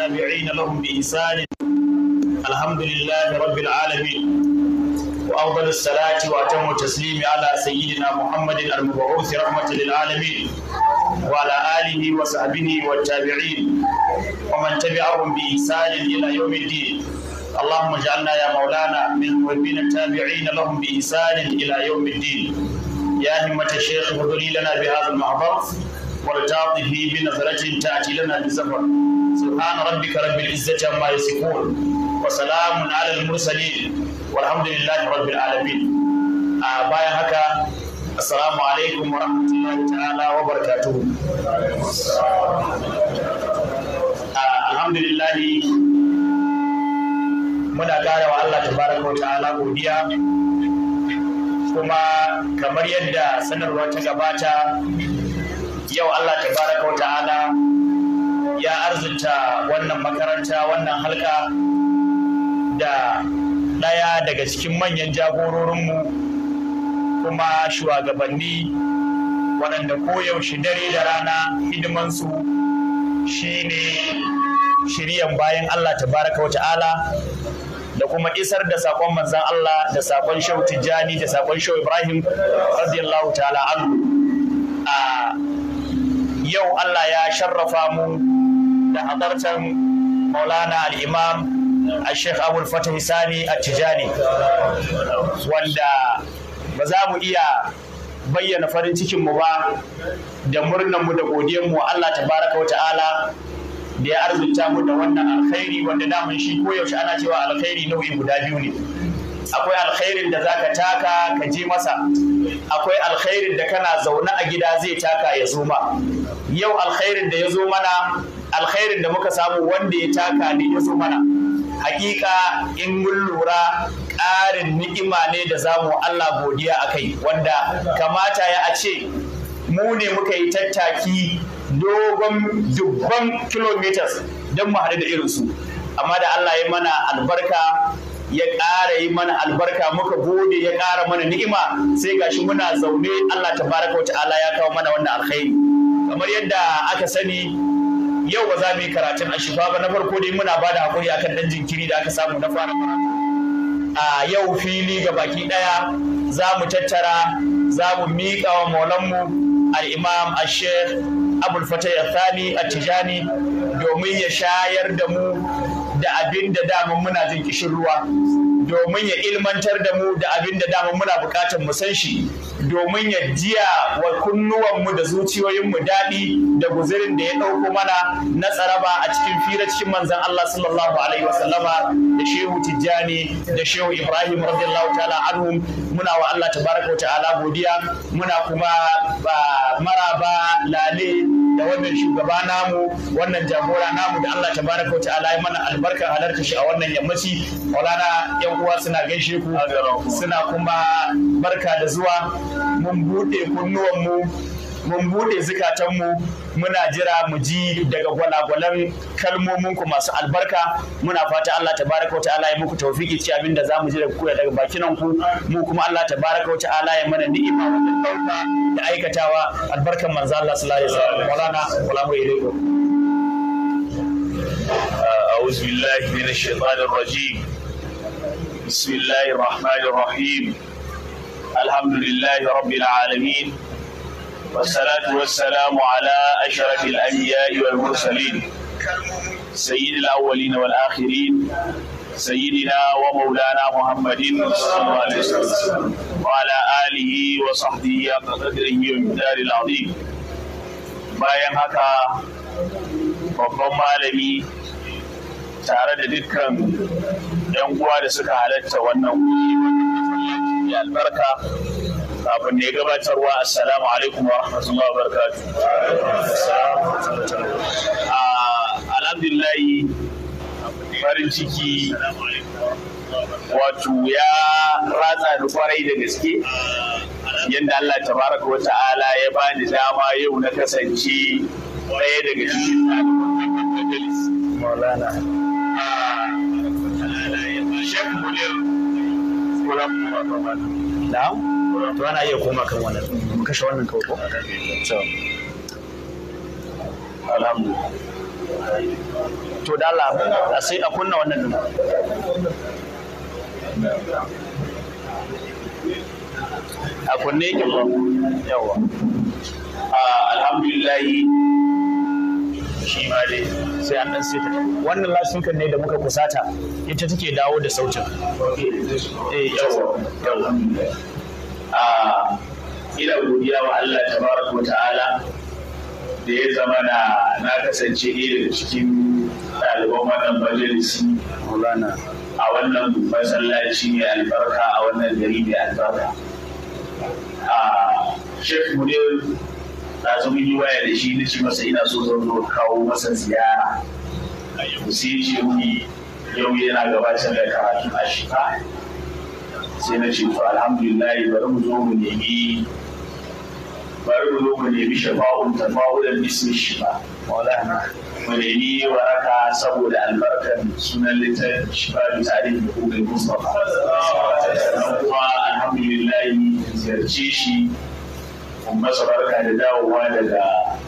والتابعين لهم بإحسان الحمد لله رب العالمين وأفضل الصلاة وأتم التسليم على سيدنا محمد المبعوث رحمة للعالمين وعلى آله وصحبه والتابعين ومن تبعهم بإحسان إلى يوم الدين اللهم اجعلنا يا مولانا من التابعين لهم بإحسان إلى يوم الدين يا همة الشيخ خذ لنا بهذا المحضر والتاطف بنظرة تأتي لنا بزفر سبحان ربك رب العزة عما يصفون وسلام على المرسلين والحمد لله رب العالمين بايا هكا السلام عليكم ورحمة الله تعالى وبركاته الحمد لله muna ƙara wa Allah tabaraka wa ta'ala godiya kuma kamar yadda sanarwa ta gabata yau Allah tabaraka wa ta'ala ya arzinta wannan makaranta wannan halka da ɗaya daga cikin manyan jagororinmu kuma shugabanni waɗanda koyaushe dare da rana hidimansu shine shiryan bayan Allah tabaraka da kuma isar da sakon manzan Allah da sakon shau tijjani da sakon shau ibrahim radiyallahu ta'ala anhu a ah, yau Allah ya sharrafa mu da hadartar maulana al'imam a sheikh abul fatah sani a tijani wanda ba za mu iya bayyana farin cikin mu ba da murnan mu da godiyar mu Allah tabaraka wa ta'ala da ya arzuta mu da wannan alkhairi wanda damun shi koyaushe ana cewa alkhairi nau'in guda biyu ne akwai alkhairin da zaka taka ka je masa akwai alkhairin da kana zaune a gida zai taka ya zo ma yau alkhairin da ya zo mana alkhairin da muka samu wanda ya taka ne ya zo mana hakika in mun lura ƙarin ni'ima ne da za mu Allah godiya a kai wanda kamata ya a ce mu ne muka yi tattaki dogon dubban kilometers don mu haɗu da irinsu amma da Allah ya mana albarka ya ƙara yi mana albarka muka gode ya ƙara mana ni'ima sai gashi muna zaune Allah tabaraka wa ta'ala ya kawo mana wannan alkhairi kamar yadda aka sani yau ba za mu yi karatun shifa ba na farko dai muna ba da hakuri akan dan jinkiri da aka samu na fara fara. a yau fili ga baki daya za mu tattara za mu miƙa wa maulanmu al-imam al-sheikh abul fatah domin ya shayar da mu da abin da daman muna jin kishin ruwa domin ya ilmantar da mu da abin da daman muna bukatar mu san shi domin ya jiya wa kunnuwanmu da zuciyoyinmu daɗi da guzirin da ya ɗauko mana na tsaraba a cikin fira cikin manzan Allah sallallahu alaihi wasallama da shehu tijjani da shehu ibrahim radiyallahu ta'ala anhum muna wa Allah tabaraka wa ta'ala godiya muna kuma maraba lale da wannan shugaba namu wannan jagora namu da Allah tabaraka wa ta'ala ya mana albarka albarka halarta shi a wannan yammaci maulana yan uwa suna gaishe ku suna kuma barka da zuwa mun buɗe kunnuwanmu mun zukatan zukatanmu muna jira mu ji daga gwalagwalan kalmominku masu albarka muna fata Allah tabaraka wa ta'ala ya muku tawfiki ci abin da zamu ji daga ku daga bakinan ku mu kuma Allah tabaraka wa ta'ala ya mana ni'ima wajen dauka da aikatawa albarkan manzo Allah sallallahu alaihi wasallam walana wallahu ilaikum أعوذ بالله من الشيطان الرجيم بسم الله الرحمن الرحيم الحمد لله رب العالمين والصلاة والسلام على أشرف الأنبياء والمرسلين سيد الأولين والآخرين سيدنا ومولانا محمد صلى الله عليه وسلم وعلى آله وصحبه قدره ومقدار العظيم bayan haka babban malami tare da dukkan yan uwa da suka halatta wannan wuri albarka kafin ne gabatarwa assalamu alaikum wa rahmatullahi wa barakatu ah, alhamdulillah farin ciki wato ya ratsa da kwarai da gaske yadda Allah tabaraka wa ta'ala ya bani dama yau na kasance ɗaya daga cikin Maulana. na'am to ana iya koma kan wannan kashe wannan kawai ko to da Allah sai a kunna wannan din a kunne ba yawa ah, alhamdulillah shi ma dai sai an dan seta wannan lafiyar ne da muka kusata ita take dawo da sautin eh, eh a ah, ina godiya wa Allah tabaraka wa ta'ala da ya zama na na kasance ɗaya cikin ɗaliban wannan majalisi a wannan masallaci mai albarka a wannan gari mai albarka a ah, shek ta zo mun yi waya da shi na ce masa ina so zan zo kawo masa ziyara a yau sai ce muni yau yana gabatar da karatu a shifa sai na ce to alhamdulillah bari mu zo mu nemi bari mu zo mu nemi shafa'un tafa'ulan bismi shifa maulana mu nemi waraka saboda albarkar sunan littafin shifa bi tarihi da kuma mustafa kuma alhamdulillah ziyarce shi masa barka da dawowa daga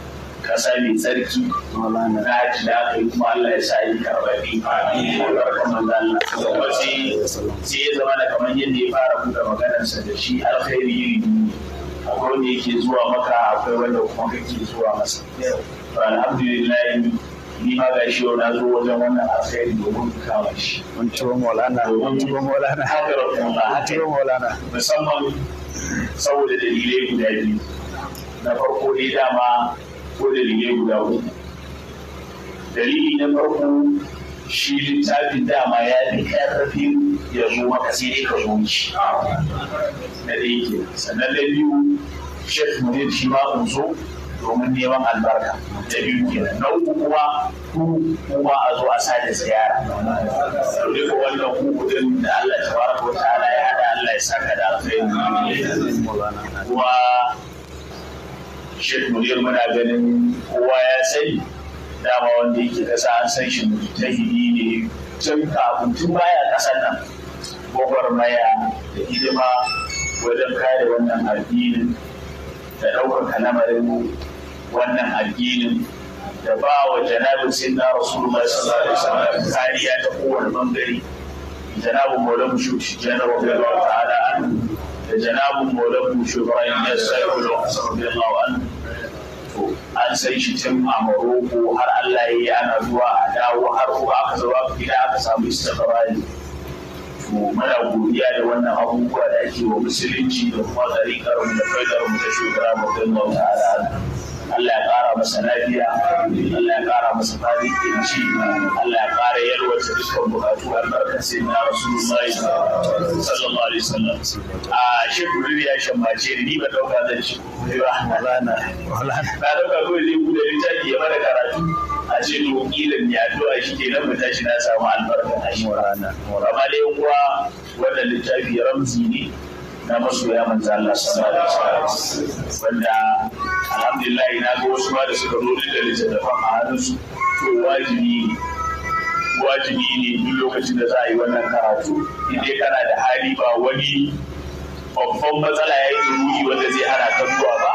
kasa mai tsarki na haji da aka yi kuma Allah ya sa yi karɓar karbaɗi barkan manzo Allah kuma sai ya zama da kamar yadda ya fara buɗe maganarsa da shi alkhairi yiri akwai wanda yake zuwa maka akwai wanda kuma kake zuwa masa alhamdulillah ni ma ga shi na zo wajen wannan alkhairi domin kama shi mun ci maulana mun ci maulana haka rabbuna haka maulana musamman saboda dalilai guda biyu na farko dai dama ko dalilai guda uku dalili na farko shi littafin dama ya fi ƙarfin ya zo maka sai dai ka zo shi na ɗaya sannan na biyu shek ne shi ma zo domin neman albarka ta biyu na uku kuma ku kuma a zo a sake ziyara duka wannan ku kudin da Allah ta ko ta ta'ala ya hada Allah ya saka da alheri kuma Sheikh Munir muna ganin kowa ya sani dama wanda yake kasa an san shi mujtahidi ne tun kafin tun baya kasan nan maya da hidima wajen kare wannan addinin da ɗaukar kalamarin wannan addinin da ba wa janabin sai na rasulullah sallallahu alaihi wasallam kariya ta kowane bangare janabin maulan shi janabin radiyallahu ta'ala an da janabin maulan shi ibrahim ya sai wa an to an san shi tun a maroko har Allah ya yi ana zuwa a dawo har ko aka zo aka gida aka samu istiqbali to muna godiya da wannan abubuwa da ake wa musulunci da kuma tsarikar mu da faidar mu ta shugaba radiyallahu ta'ala Allah ya ƙara masa lafiya Allah ya ƙara masa fadi ci Allah ya ƙara yalwata dukkan bukatu albarkar sai na rasulullahi sallallahu alaihi wasallam a shekuru ya shambace ni ba dauka zan ci ba halana na dauka ko zai bude littafi ya bada karatu a ce to kilan ya addu'a shi ke nan mutashi na samu albarka. a shi rana amma dai kuwa wannan littafi ramzi ne na masoya manzo Allah sallallahu alaihi wasallam wanda alhamdulillah na ga wasu ba da suka zo da littattafan a hannunsu to wajibi wajibi ne duk lokacin da za a yi wannan karatu idan kana da hali ba wani babban matsala ya yi ruhi wanda zai hana ka zuwa ba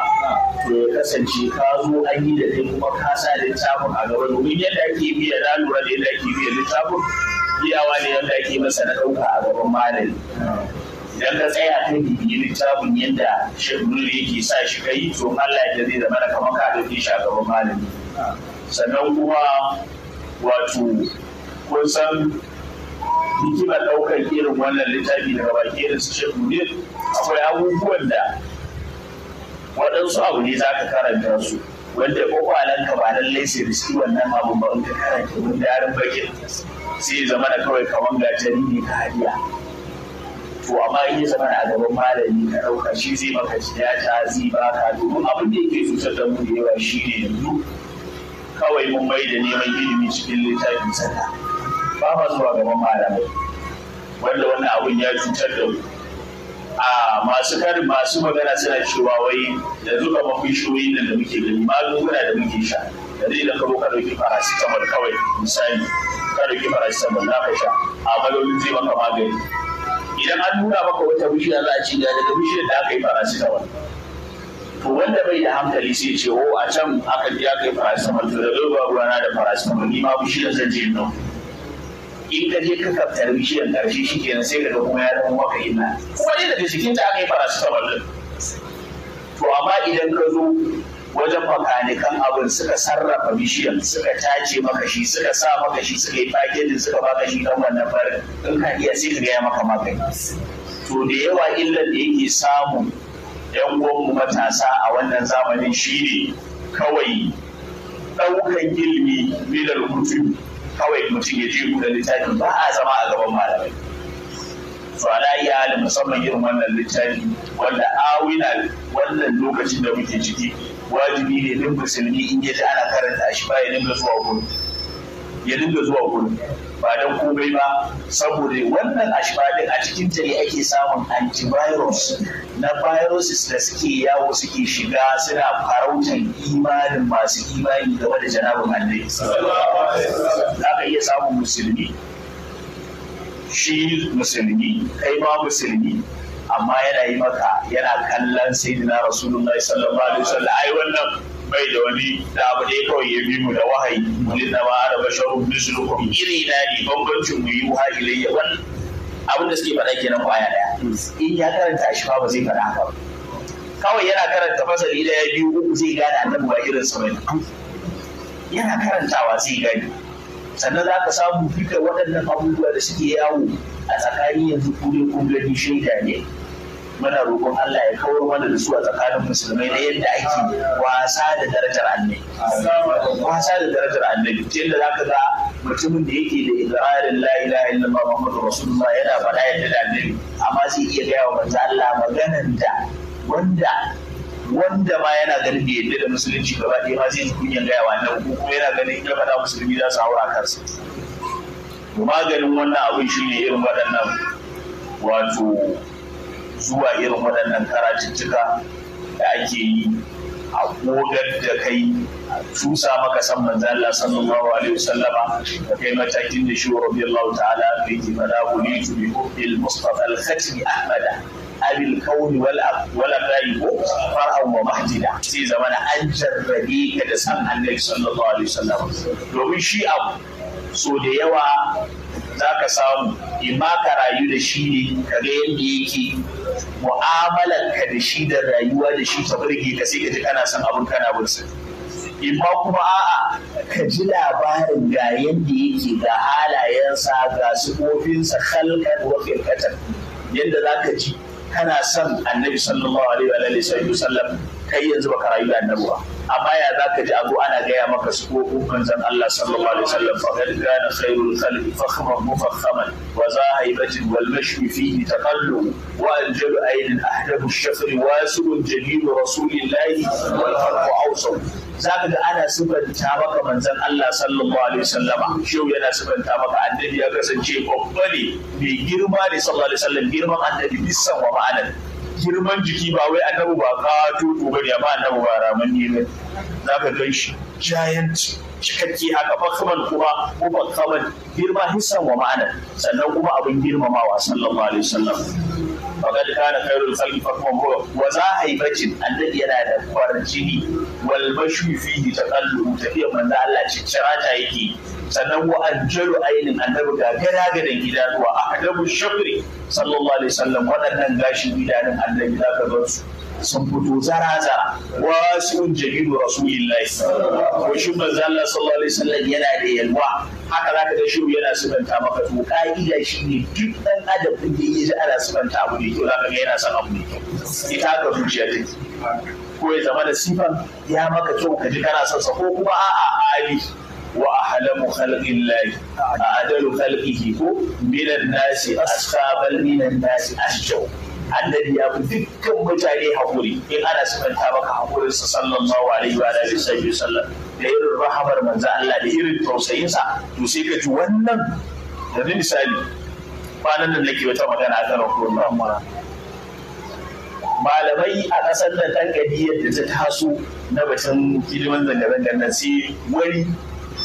to ya kasance ka zo an yi da kai kuma ka sa littafin a gaba domin yadda ake biya na lura da yadda ake biya littafin iyawa ne yadda ake masa na ɗauka a gaban malami idan ka tsaya ka bibiyi littafin yadda shagulu yake sa shi kai to Allah ya zai zama da kamar ka ke shi a gaban malami sannan kuma wato kun san hikimar ɗaukar irin wannan littafi daga baki irin su akwai abubuwan da waɗansu abu ne za ka karanta su wanda ka ba lallai sai riski wannan abu ba in ka karanta wani darin bakin sai zama da kawai kamar gajari ne ka hadiya to amma in ya zama a gaban malami ka ɗauka shi zai maka tiyata zai baka domin abin da yake cutar da mu da yawa shi ne yanzu kawai mun mai da neman ilimi cikin littafin sana ba ma zuwa gaban malamai wanda wannan abin ya cutar da mu a masu karin masu magana suna cewa wai da zuka mafi shoyin da muke gani magunguna da muke sha da zai da karo ka ɗauki kamar kawai misali ka ɗauki paracetamol na ka sha a malolin zai maka magani idan an nuna maka wata bishiya za a ci da daga bishiyar da aka yi paracetamol to wanda bai da hankali sai ce o oh, a can aka ji aka yi paracetamol to da babu rana da paracetamol ni ma bishiyar zan je nan in ka je ka kaftar bishiyar karshe shi kenan sai daga kuma ya zama maka illa kuma ne daga cikin ta aka yi paracetamol din to amma idan ka zo wajen makanikan abin suka sarrafa bishiyar, suka tace maka shi suka sa maka shi suka yi fakitin suka baka shi kan wannan farin in ka iya sai ka gaya maka maka to da yawa illa da yake samu yan mu matasa a wannan zamanin shine kawai ɗaukan ilimi milar mutum kawai mutum ya je gudan littafin ba a zama a gaban malamai to ala iyali musamman irin wannan littafi wanda awina wannan lokacin da muke ciki wajibi ne ɗin musulmi in ya ana karanta shi ba ya dinga zuwa gudu ya dinga zuwa ba dan komai ba saboda wannan ashba din a cikin ta ne ake samun antivirus na viruses da suke yawo suke shiga suna farautar imanin masu imani game da janabin annabi za iya samun musulmi shi musulmi kai ma musulmi amma yana yi maka yana kallon sayyidina rasulullahi sallallahu alaihi wasallam ai wannan bai da wani da abu da kawai ya bi mu da wahayi wani da ma ana basharun mislukum iri na ne bambancin mu yi wahayi ilayya wannan abin da suke faɗa kenan kwaya daya in ya karanta shi ba zai faɗa haka ba kawai yana karanta fasali ya biyu uku zai gane annabi ba irin sa bane yana karantawa zai gane sannan za ka samu duka waɗannan abubuwa da suke yawo a tsakanin yanzu kure kun gani shaida ne muna roƙon Allah ya kawar mana da su a tsakanin musulmai na yadda ake wasa da darajar annabi wasa da darajar annabi ta yadda zaka ga mutumin da yake da ikrarin la ilaha illallah muhammadu rasulullah yana faɗa yadda da annabi amma zai iya gaya wa manzo Allah maganan wanda wanda ma yana ganin bai yadda da musulunci gaba ɗaya ma zai kunyan gaya wa annabi ko kuma yana ganin ya faɗa musulmi za su haura kansa maganin wannan abin shine irin waɗannan wato zuwa irin waɗannan karatuttuka da ake yi a godar da kai tusa maka san manzo Allah sallallahu alaihi wasallama da kai matakin da shi radiyallahu ta'ala yake fada kuli tu bi bil mustafa al khatmi ahmada abil kaun wal wal ra'i ko far'an wa mahdida sai zamana an jarrabe ka da san annabi sallallahu alaihi wasallama domin shi abu so da yawa za ka samu ba ka rayu da shi ne ka ga yadda yake mu'amalar ka da shi da rayuwa da shi ta burge ka sai ka ji kana son abin kana bin sa ba kuma a'a ka ji labarin ga yadda yake ga halayensa ga sifofinsa halkan wafin katar yadda za ka ji kana son annabi sallallahu alaihi wa sallam kai yanzu baka rayu da annabi ba amma ya za ka ji abu ana gaya maka su ko manzon Allah sallallahu alaihi wasallam fa kad kana khairul khalqi fakhman mufakhaman wa zahibatin wal mashwi fihi taqallu wa anjal ayn ahdabu ash-shafr wasi'un jalil rasulillahi wal khalqu awsaw zaka ga ana sifanta maka manzon Allah sallallahu alaihi wasallama shi yana sifanta maka annabi ya kasance babba ne mai girma ne sallallahu alaihi wasallam girman annabi bisan wa ma'anar girman jiki ba wai annabi ba ka tutu bane amma annabi ba ramin ne ne zaka gan shi giant cikakke haka fakaman kuma kuma kaman girma hissan wa ma'ana sannan kuma abin girmamawa sallallahu alaihi wasallam faqad kana khairul khalqi fakman wa za haibatin annabi yana da farin jini wal bashu fihi taqallu tafiya manzo Allah ciccira ta yake sannan wa aljalu ainin annabi ga gida zuwa a adabu shakri sallallahu alaihi wasallam waɗannan gashin gidanin annabi za ka bar su sun fito zara-zara sun jamilu rasulillahi wa shi manzo Allah sallallahu alaihi wasallam yana da yalwa haka zaka ga shi yana subanta maka to ka'ida shine duk dan adam da da ji ana subanta abu ne to zaka ga yana son abu ne ita ka zuciya take ko ya zama da sifan ya maka kyau ka ji kana son sa ko kuma a'a ali وأحلم خلق الله أعدل خلقه من الناس أسخابا من الناس أشجو annabi ya fi dukkan mutane haƙuri in ana sifanta maka haƙurinsa sallallahu alaihi wa alihi sallam da irin rahamar manzo Allah da irin tausayinsa to sai ka ji wannan da ni misali kwanan nan nake wata magana a akan rasulullah malamai a ƙasar da ɗan da ta taso na batun hidiman zanga-zangar nan sai wani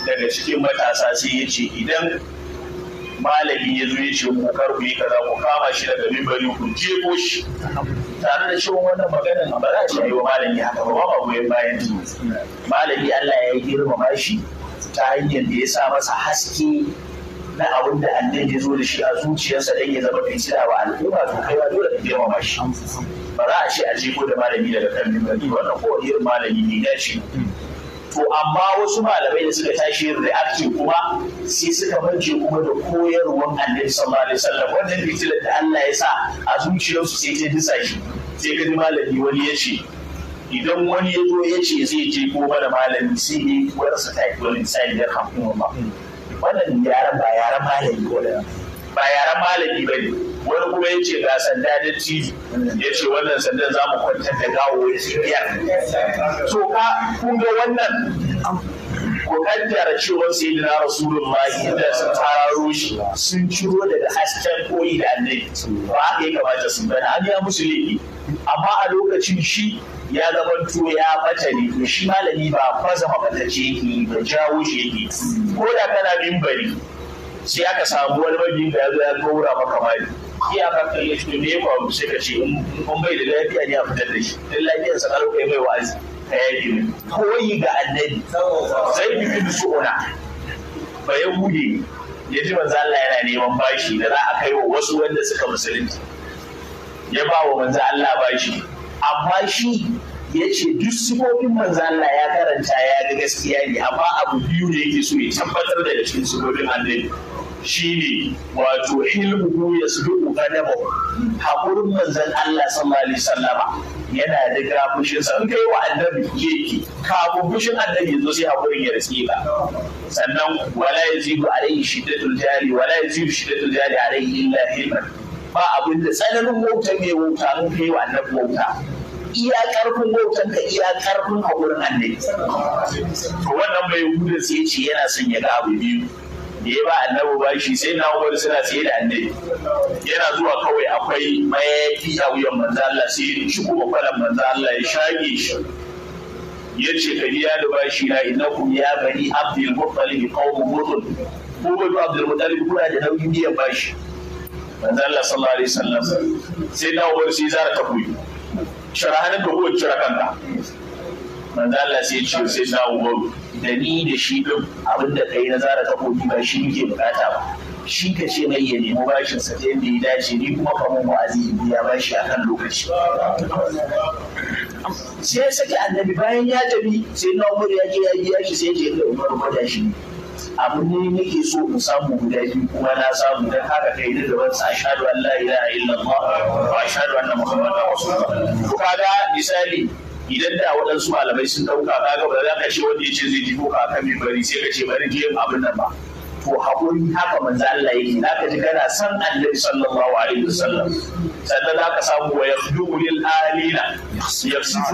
daga cikin matasa sai ya ce idan malami ya zo ya ce mu kar ku yi kaza ku kama shi daga mimbari ku jebo shi tare da cewa wannan maganar ba za a yi wa malami haka ba ba goyon bayan malami Allah ya girmama shi ta hanyar da ya sa masa haske na abin da annabi ya zo da shi a zuciyarsa dan ya zama tsira ba al'umma to kai ba dole ka girmama shi ba za a ce a jefo da malami daga kan mimbari wannan ko irin malami ne ya ce to amma wasu malamai da suka tashi yin reaction kuma sai suka manje kuma da koyarwan annabi sallallahu alaihi wasallam wannan fitilar da Allah ya sa a zuciyarsu sai ta disa shi sai ka malami wani ya ce idan wani ya zo ya ce zai je ko mana malami sai ne yi sa ta yi wani misali da ba wannan yaran ba yaran malami ko da ba yaren malami ba ne wani kuma ya ce ga sanda da tv ya ce wannan sandan za mu kwantar da gawo ce biyar so ka kun ga wannan ko kantar cewa sai da na rasulun mahi da sun tararo shi sun ciro daga hasken koyi da annabi ba haka ya kamata su bana an ya musu laifi amma a lokacin shi ya zama to ya bata ne to shi malami ba fasa mabatacce yake ba jawo shi yake ko da kana mimbari sai aka samu wani mabiyin da ya zo ya dora maka mali iyaka ka yi shi ne ba sai ka ce in bai da lafiya ne a fitar da shi dan lafiyar sa karo kai mai wa'azi ka yaki ne koyi ga annabi sai bi bin ona. ba ya hude ya ji manzo Allah yana neman bashi da za a kai wa wasu wanda suka musulunci ya ba wa manzo Allah bashi amma shi ya ce duk sifofin manzo Allah ya karanta ya ga gaskiya ne amma abu biyu ne yake so ya tabbatar da cikin sifofin annabi Shi ne, wato hilmuhu ya sudu gadaba hakurin manzan Allah sallallahu alaihi wasallama yana da gafushin sa in kai wa annabi yake kafin fushin annabi yanzu sai hakurin ya riske ka sannan wala yazidu alaihi shiddatul jari wala yazidu shiddatul jari alaihi illa hilman ba abin da tsananin wauta mai wauta in kai wa annabi wauta iya karfin wautan ka iya karfin hakurin annabi to wannan bai hudu sai ce yana son ya ga abu biyu da ya ba annabi bashi sai na umar suna tsaye da annabi yana zuwa kawai akwai mayafi a wuyan manzo Allah sai ya shi kuma kwalan manzo Allah ya shage shi ya ce ka biya da bashi na innakum ya bani abdul muttalib qaumun mutun ko bani abdul muttalib kuna da nauyin biyan bashi manzo Allah sallallahu alaihi wasallam sai na umar sai zara ka buyi sharahanin ka ko kira kanka manzo Allah sai ya ce sai na umar da ni da shi ɗin abinda kai na zara takobi ba shi muke bukata ba shi ka ce mai ya nemi bashin sa ta yadda ya dace ni kuma kamar wa'azi in biya bashi akan lokaci sai ya saki annabi bayan ya tafi sai na umar ya je ya biya shi sai ya da umar da shi abu ne nake so in samu guda biyu kuma na samu dan haka kai da gaban sa ashhadu an la ilaha illallah wa ashhadu anna muhammadan rasulullah to kaga misali idan da waɗansu malamai sun ɗauka ka ga ba za ka shi wanda ya ce zai jiko ka kan bari sai ka ce bari yin abin nan ba to haƙuri haka manzo Allah yake za ka ji kana san annabi sallallahu alaihi wasallam sannan za ka samu wa yakhdumu lil alina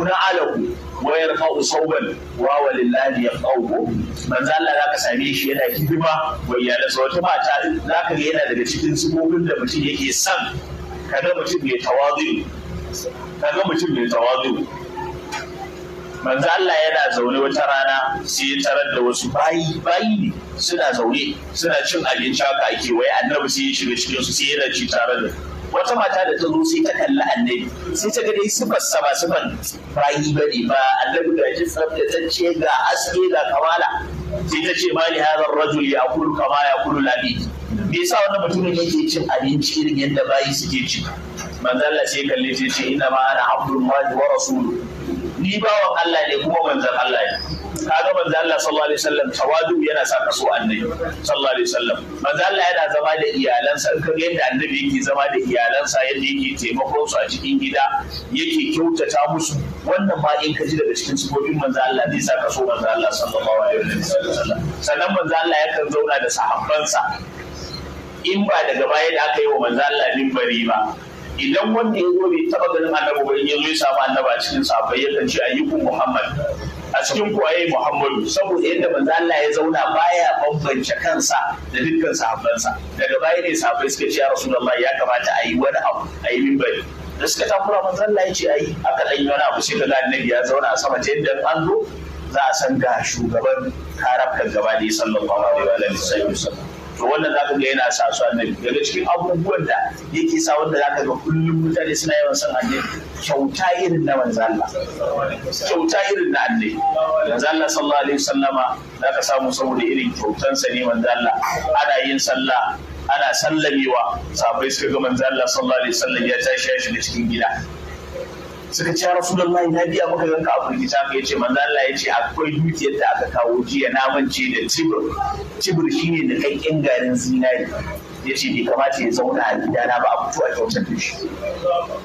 na alahu wa yarfa'u sawban wa walillahi yaqawu manzo Allah za ka same shi yana hidima wa sa wata mata za ka ga yana daga cikin sifofin da mutum yake san kaga mutum mai tawazu kaga mutum mai tawazu manzo Allah yana zaune wata rana sai ya tarar da wasu bayi bayi ne suna zaune suna cin abinci haka ake wai annabi sai ya shiga cikin su sai yana ci tare da wata mata da ta zo sai ta kalli annabi sai ta ga dai sifar sama sifar bayi ne ba annabi ga ji ce ga aske ga kamala sai ta ce mali hadha rajul ya ya'kulu kama ya ya'kulu labi me yasa wannan mutumin yake cin abinci irin yadda bayi suke ci manzo Allah sai kalle sai ce ma ana abdul wa rasulu ni bawan Allah ne kuma manzan Allah ne kaga manzan Allah sallallahu alaihi wasallam tawadu yana sa kaso annabi sallallahu alaihi wasallam manzan Allah yana zama da iyalansa kaga yadda annabi yake zama da iyalansa yadda yake taimakon su a cikin gida yake kyautata musu wannan ma in ka ji daga cikin sifofin manzan Allah zai sa kaso manzan Allah sallallahu alaihi wasallam sannan manzan Allah yakan zauna da sahabbansa in ba daga baya da aka yi wa manzan Allah mimbari ba idan wanda ya zo bai taba ganin annabi ba ya zo ya samu annabi a cikin sa yakan ce ayyukun muhammad a cikin kwaye muhammadu saboda yadda manzo Allah ya zauna baya bambance kansa da dukkan sahabbansa daga baya ne sahabbai suka ce ya rasulullah ya kamata a yi wani abu a yi mimbari da suka takura manzo Allah ya ce a aka dan yi wani abu sai kaga annabi ya zauna sama ta yadda an zo za a san ga shugaban harafkan gaba ne sallallahu alaihi wa sallam to wannan zaka ga yana sa su annabi daga cikin abubuwan da yake sa wanda zaka ga kullum mutane suna yawan son annabi kyauta irin na manzo Allah kyauta irin na annabi manzo Allah sallallahu alaihi wasallama zaka samu saboda irin sa ne manzo Allah ana yin sallah ana sallamewa sabai suka ga manzo Allah sallallahu alaihi wasallam ya tashi ya shiga cikin gida suka ce rasulullah na biya muka ganka a furgita ka yace manzo Allah yace akwai dukiyar da aka kawo jiya na mance da tibir tibir shine da kakkin garin zinari yace bai kamata ya zauna a gidana ba a fito a kyautar da shi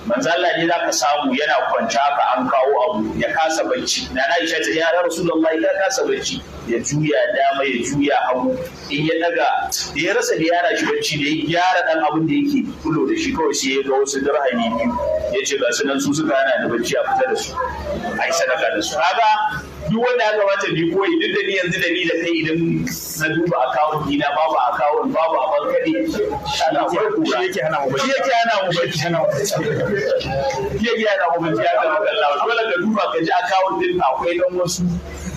manzo Allah ne zaka samu yana kwanta ka an kawo abu ya kasa bacci na na Aisha ta ya rasulullah ya kasa bacci ya juya dama ya juya hagu in ya daga da ya rasa da yara shi bacci da ya gyara dan abin da yake kulo da shi kawai sai ya ga wasu dirhami biyu ya ce ga su nan su suka hana da bacci a fita da su a yi sadaka da su haka duk wanda aka mata ni koyi duk da ni yanzu da ni da kai idan na duba akawun dina babu akawun babu a bankari. ana farko shi yake hana mu bacci yake hana mu bacci hana mu bacci yake hana mu bacci ya ga Allah dole ka duba ka ji akawun din akwai dan wasu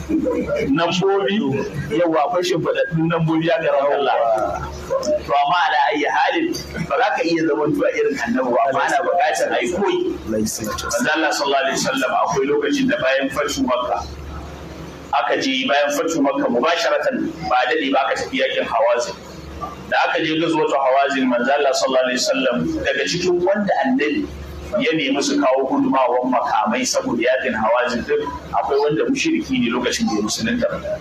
nambobi yawa akwai shimfiɗaɗɗun nambobi ya gara Allah to amma ala ayi halin ba za ka iya zaman tuwa irin annabi ba amma ana buƙatar ai koyi manzo Allah sallallahu alaihi wasallam akwai lokacin da bayan fatu makka aka je bayan fatu makka mubasharatan ba dade ba ka tafi yakin hawazin da aka je gazuwatu hawazin manzo Allah sallallahu alaihi wasallam daga cikin wanda annabi ya nemi su kawo gudunmawar makamai saboda yakin hawazin duk akwai wanda mushriki ne lokacin da musulun musulunta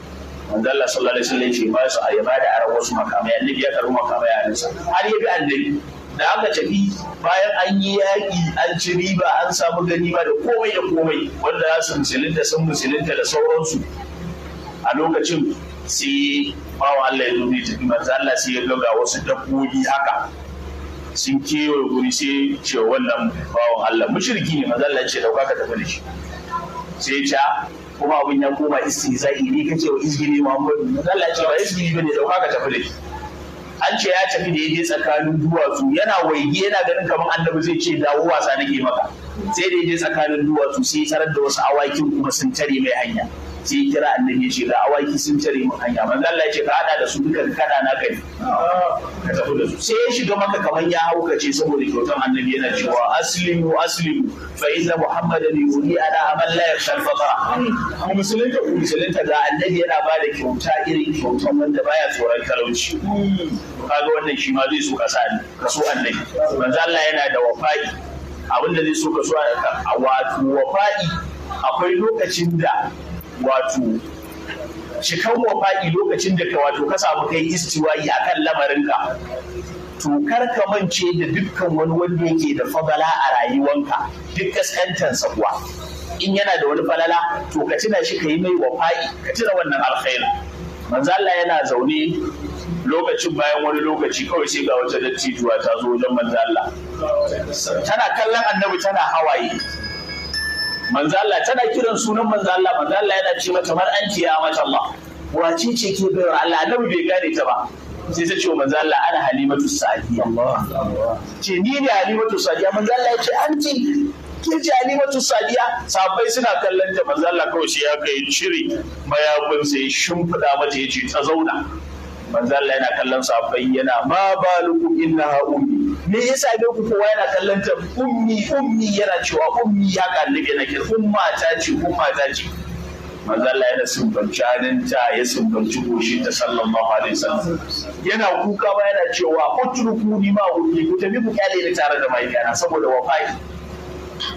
manzo Allah sallallahu alaihi wasallam ya ce ba su a yaba da ara wasu makamai annabi ya karu makamai a nisa har ya bi annabi da aka tafi bayan an yi yaƙi an ci riba an samu gani ma da komai da komai wanda za su musulunta sun musulunta da sauransu a lokacin sai bawa Allah ya zo ne tafi manzo Allah sai ya ga wasu dabbobi haka sun kewa guri sai ce wannan bawan Allah mushriki ne manzo Allah ce dauka ka tafi da shi sai ta ah, kuma abin ya koma istihza'i ne kace wa izgili Muhammadu Ma Allah ce ba izgili bane dauka ka tafi da shi an ce ya tafi da yaje tsakanin duwatsu yana waige yana ganin kamar annabi zai ce dawo wasa nake maka sai da yaje tsakanin duwatsu sai tarar da wasu awakin kuma sun tare mai hanya sai kira annabi ya ce da awaki sun tare mun hanya manzo Allah ya ce ka hada da su duka kada na kai ka tafi da su sai ya shiga maka kaman ya haukace saboda kyautan annabi yana cewa aslimu aslimu fa inna muhammadan yuri ala amal la ba. fatara musulunta musulmi musulunta da annabi yana ba da kyauta irin kyautan wanda baya tsoron talauci kaga wannan shi ma zai so ka sani ka so annabi manzo Allah yana da wafa'i abinda zai so ka so a wato wafa'i akwai lokacin da wato cikan wafa'i lokacin da ka wato ka samu kai istiwayi kan lamarinka to kar ka mance da dukkan wani wanda yake da fadala a rayuwanka duk kaskantar kuwa in yana da wani falala to ka tuna shi ka yi mai wafa'i ka tuna wannan alkhairin manzo Allah yana zaune lokacin bayan wani lokaci kawai sai ga wata dattijuwa ta zo wajen manzo Allah tana kallon annabi tana hawaye manzo Allah tana kiran sunan manzo Allah manzo Allah yana ce mata mar anti ya mata Allah wace ce ke bayar Allah annabi bai gane ta ba sai ta ce wa manzo Allah ana halimatu sadiya ce ni ne halimatu sadiya manzo Allah ya ce anti ke ji halimatu sadiya sabai suna kallon ta manzo Allah kawai shi ya kai shiri mayakun sai shimfida mata ya ce ta zauna manzo Allah yana kallon su a yana ma balukum innaha ummi me yasa ga ku kowa yana kallon ta ummi ummi yana cewa ummi ya ga annabi yana kira umma ta ce umma ta ce manzo Allah yana sumbanci hannunta ya sumbanci goshin ta sallallahu alaihi wasallam yana kuka ba yana cewa utruku ni ma ummi ku tafi ku kyale ni tare da mahaifiyana saboda wafai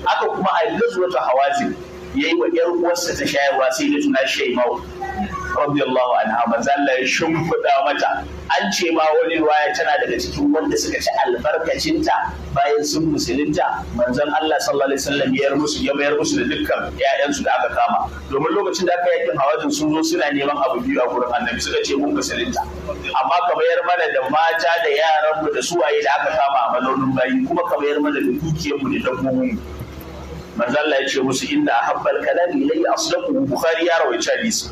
aka kuma a ta hawazi yayi wa yar uwarsa ta shayarwa sai da tuna shaimau radiyallahu anha manzo Allah ya shimfiɗa mata an ce ma wani waya tana daga cikin wanda suka ci albarkacinta bayan sun musulunta manzon Allah sallallahu alaihi wasallam ya musu ya bayar musu da dukkan 'ya'yansu da aka kama domin lokacin da aka yakin hawajin sun zo suna neman abu biyu a gurin annabi suka ce mun musulunta amma ka bayar mana da mata da yaran mu da suwaye da aka kama a manonin bayi kuma ka bayar mana da dukiyar mu da dabbobin mu manzalla ya ce musu inna habbal kalam ilayya asdaqu bukhari ya rawaita hadisi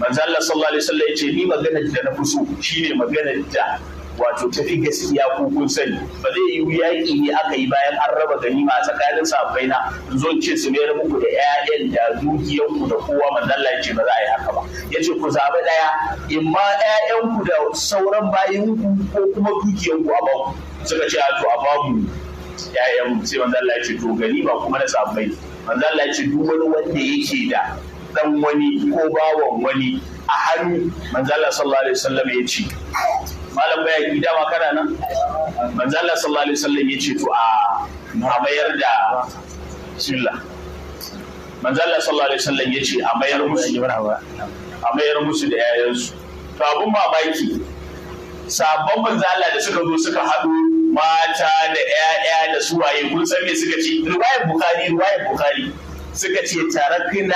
manzo Allah sallallahu alaihi wasallam ya ce ni magana da na fuso shine magana da wato tafi gaskiya ko kun sani ba zai yi yaƙi ne aka yi bayan an raba gani ma tsakanin sabbai na zo ce su mayar muku da ƴaƴan da dukiyanku da kowa manzalla ya ce ba za a yi haka ba Ya ce ku zaɓi ɗaya in ma 'ya'yanku da sauran ku ko kuma dukiyanku a suka ce a to a babu ƴaƴan sai manzo Allah ya ce to gani ba kuma na sahabbai manzo Allah ya ce duk wani wanda yake da dan wani ko bawan wani a hannu manzo Allah sallallahu alaihi wasallam ya ce malam baya gida ma kana nan manzo Allah sallallahu alaihi wasallam ya ce to a mayar da shilla manzo Allah sallallahu alaihi wasallam ya ce a mayar musu a mayar musu da yayansu to abun mamaki sabon manzo Allah da suka zo suka haɗu mata da ƴaƴa da suwaye kun san me suka ce riwayar bukhari riwayar bukhari suka ce tarakna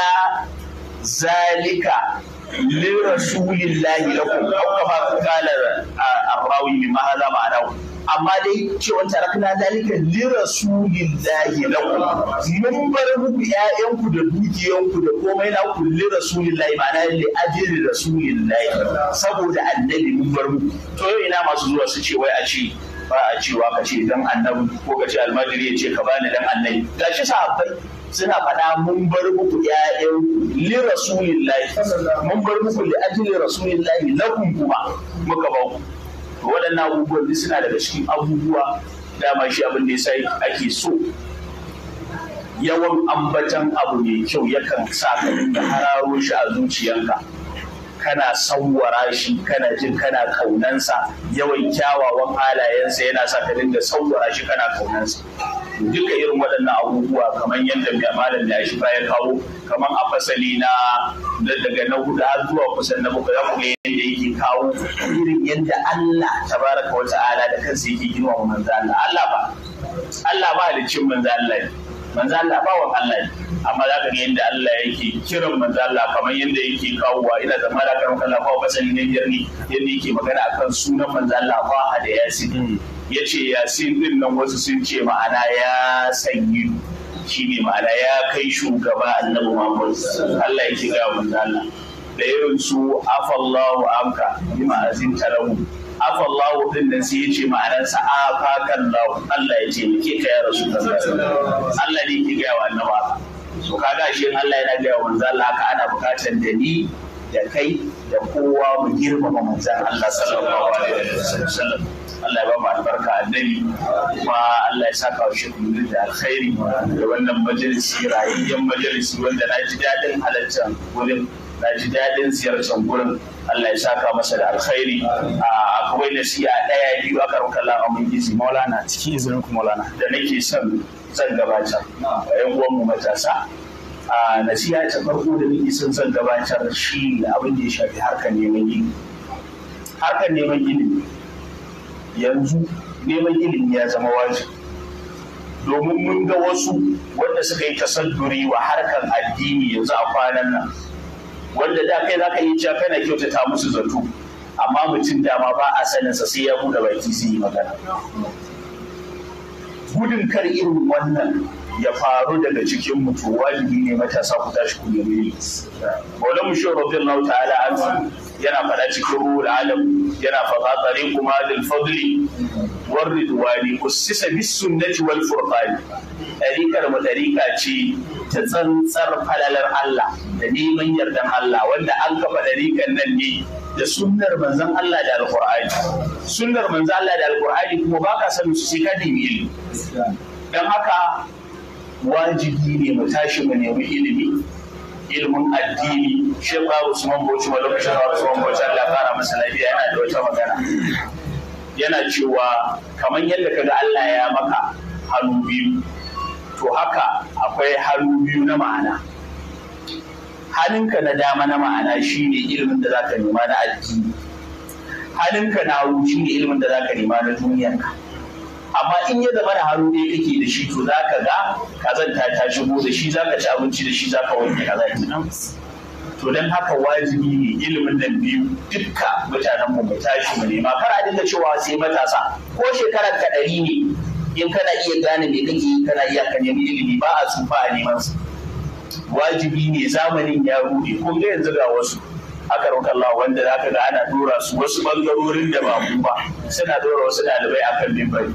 zalika lirasulillahi lakum aw kafa qala ar-rawi ma hadha ma'anahu amma dai cewa tarakna zalika li na kuma. mun bar muku 'ya'yanku da dukiyanku da komai na ku li rasulillahi ma'ana li ajri layi. saboda annabi mun bar muku to yau ina masu zuwa su ce wai a ce ba a cewa ka ce dan annabi ko ka ce almajiri ya ce ka bani dan annabi gashi sahabbai suna faɗa mun bar muku ƴaƴan li rasulillahi mun bar muku li ajli rasulillahi lakum kuma muka ba ku waɗannan abubuwan duk suna daga cikin abubuwa dama shi abin da yasa ake so yawan ambatan abu mai kyau yakan sa ka dinga hararo shi a zuciyarka. kana sauwara shi kana jin kana kaunansa yawan kyawawan halayensa yana sa ka dinga sauwara shi kana kaunansa duka irin waɗannan abubuwa kamar yadda mai malam da shi ya kawo kamar a fasali na daga na hudu har zuwa kusan na bakwai za ku ga yadda yake kawo irin yadda Allah baraka wata ala da kansa yake girma manzo Allah Allah ba Allah ba cin manzo Allah ne manzo Allah bawan Allah ne amma za ka ga yadda Allah yake kiran manzo Allah kamar yadda yake kawo wa ina zama da karin Allah ba wasan ne jirni yadda yake magana akan sunan manzo Allah ba da yasin hmm. yace yasin din nan wasu sun ce ma'ana ya sanyi shi ne ma'ana ya kai shugaba annabi Muhammad Allah yake ga manzo Allah da irin su afallahu amka bima azin tarahu afallahu din nan sai ya ce ma'anarsa afakan lahu Allah ya ce muke kai ya rasu Allah ne ke gaya wa annaba so kaga shi Allah yana gaya wa manzo Allah haka ana bukatar da ni da kai da kowa mu girmama manzan Allah sallallahu alaihi wasallam Allah ya ba mu albarka annabi kuma Allah ya saka shi shirin da alkhairi da wannan majalisi rayayyen majalisi wanda na ji daɗin halartar gurin na ji daɗin ziyartar gurin Allah ya saka masa da alkhairi a akwai nasiha ɗaya biyu aka rubuta Allah gizi maulana cikin izinin ku maulana da nake son zan gabatar a yan uwan mu matasa a nasiha ta farko da nake son zan gabatar shi abin da ya shafi harkar neman ilimi harkar neman ilimi yanzu neman ilimi ya zama waje. domin mun ga wasu wanda suka yi tasadduri wa harkar addini yanzu a kwanan nan wanda da kai zaka yi cewa kana kyautata musu zato amma mutum dama ba a sanin sa sai ya bude baki sai yi magana gudun kar irin wannan ya faru daga cikin mutuwa ne matasa ku tashi ku mai ilimi. Wala mu shi ta'ala an yana faɗa cikin ruhul alam yana faɗa tsare kuma lil fadli war ridwani kussisa bis sunnati wal furqani ɗariƙar mu ɗariƙa ce ta tsantsar falalar Allah da neman yardan Allah wanda an kafa ɗariƙar nan ne da sunnar manzon Allah da alƙur'ani sunnar manzon Allah da alƙur'ani kuma ba ka sanin su sai ka nemi ilimi don haka wajibi ne mu tashi mu nemi ilimi ilimin addini shekwa usman bauchi wa lokacin da usman bauchi Allah fara masa lafiya yana da wata magana yana cewa kamar yadda kaga Allah ya maka hannu biyu to haka akwai hannu biyu na ma'ana hannunka na dama na ma'ana shine ilimin da zaka nema na addini halinka na hagu shine ilimin da zaka nema na duniyarka amma in ya zama da hannu ɗaya kake da shi to za ka ga kazanta ta shigo da shi za ka ci abinci da shi za ka wanke kaza kenan to dan haka wajibi ne ilimin nan biyu dukka mutanen mu tashi mu nema kar a dinga cewa sai matasa ko shekarar ka ɗari ne in kana iya gane me kake yi kana iya ka nemi ilimi ba a tsufa a neman su wajibi ne zamanin ya ruɗe kun ga yanzu ga wasu roƙa Allah wanda za ka ga ana dora su wasu bangarorin da ba mu ba suna dora wasu ɗalibai a kan mimbari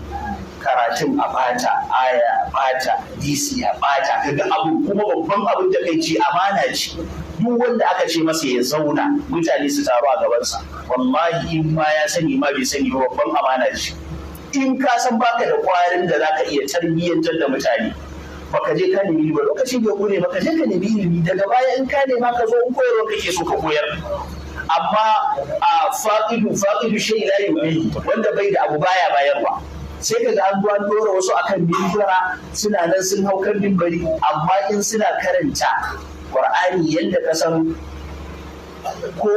karatun a bata aya a bata dc a bata kaga abu kuma babban abin da kai ci amana ce duk wanda aka ce masa ya zauna mutane su taru a gabansa wallahi in ma ya sani ma bai sani ba babban amana ce in ka san baka da kwarin da za ka iya tarbiyyantar da mutane baka je ka nemi ba lokacin ku ne baka je ka nemi ilimi daga baya in ka nema ka zo in koyarwa kake so ka koyar amma a fa'idu fa'idu shay la wanda bai da abu baya bayarwa sai kaga an zo dora wasu akan mimbara suna nan sun hau kan bari amma in suna karanta Qur'ani yadda ka san ko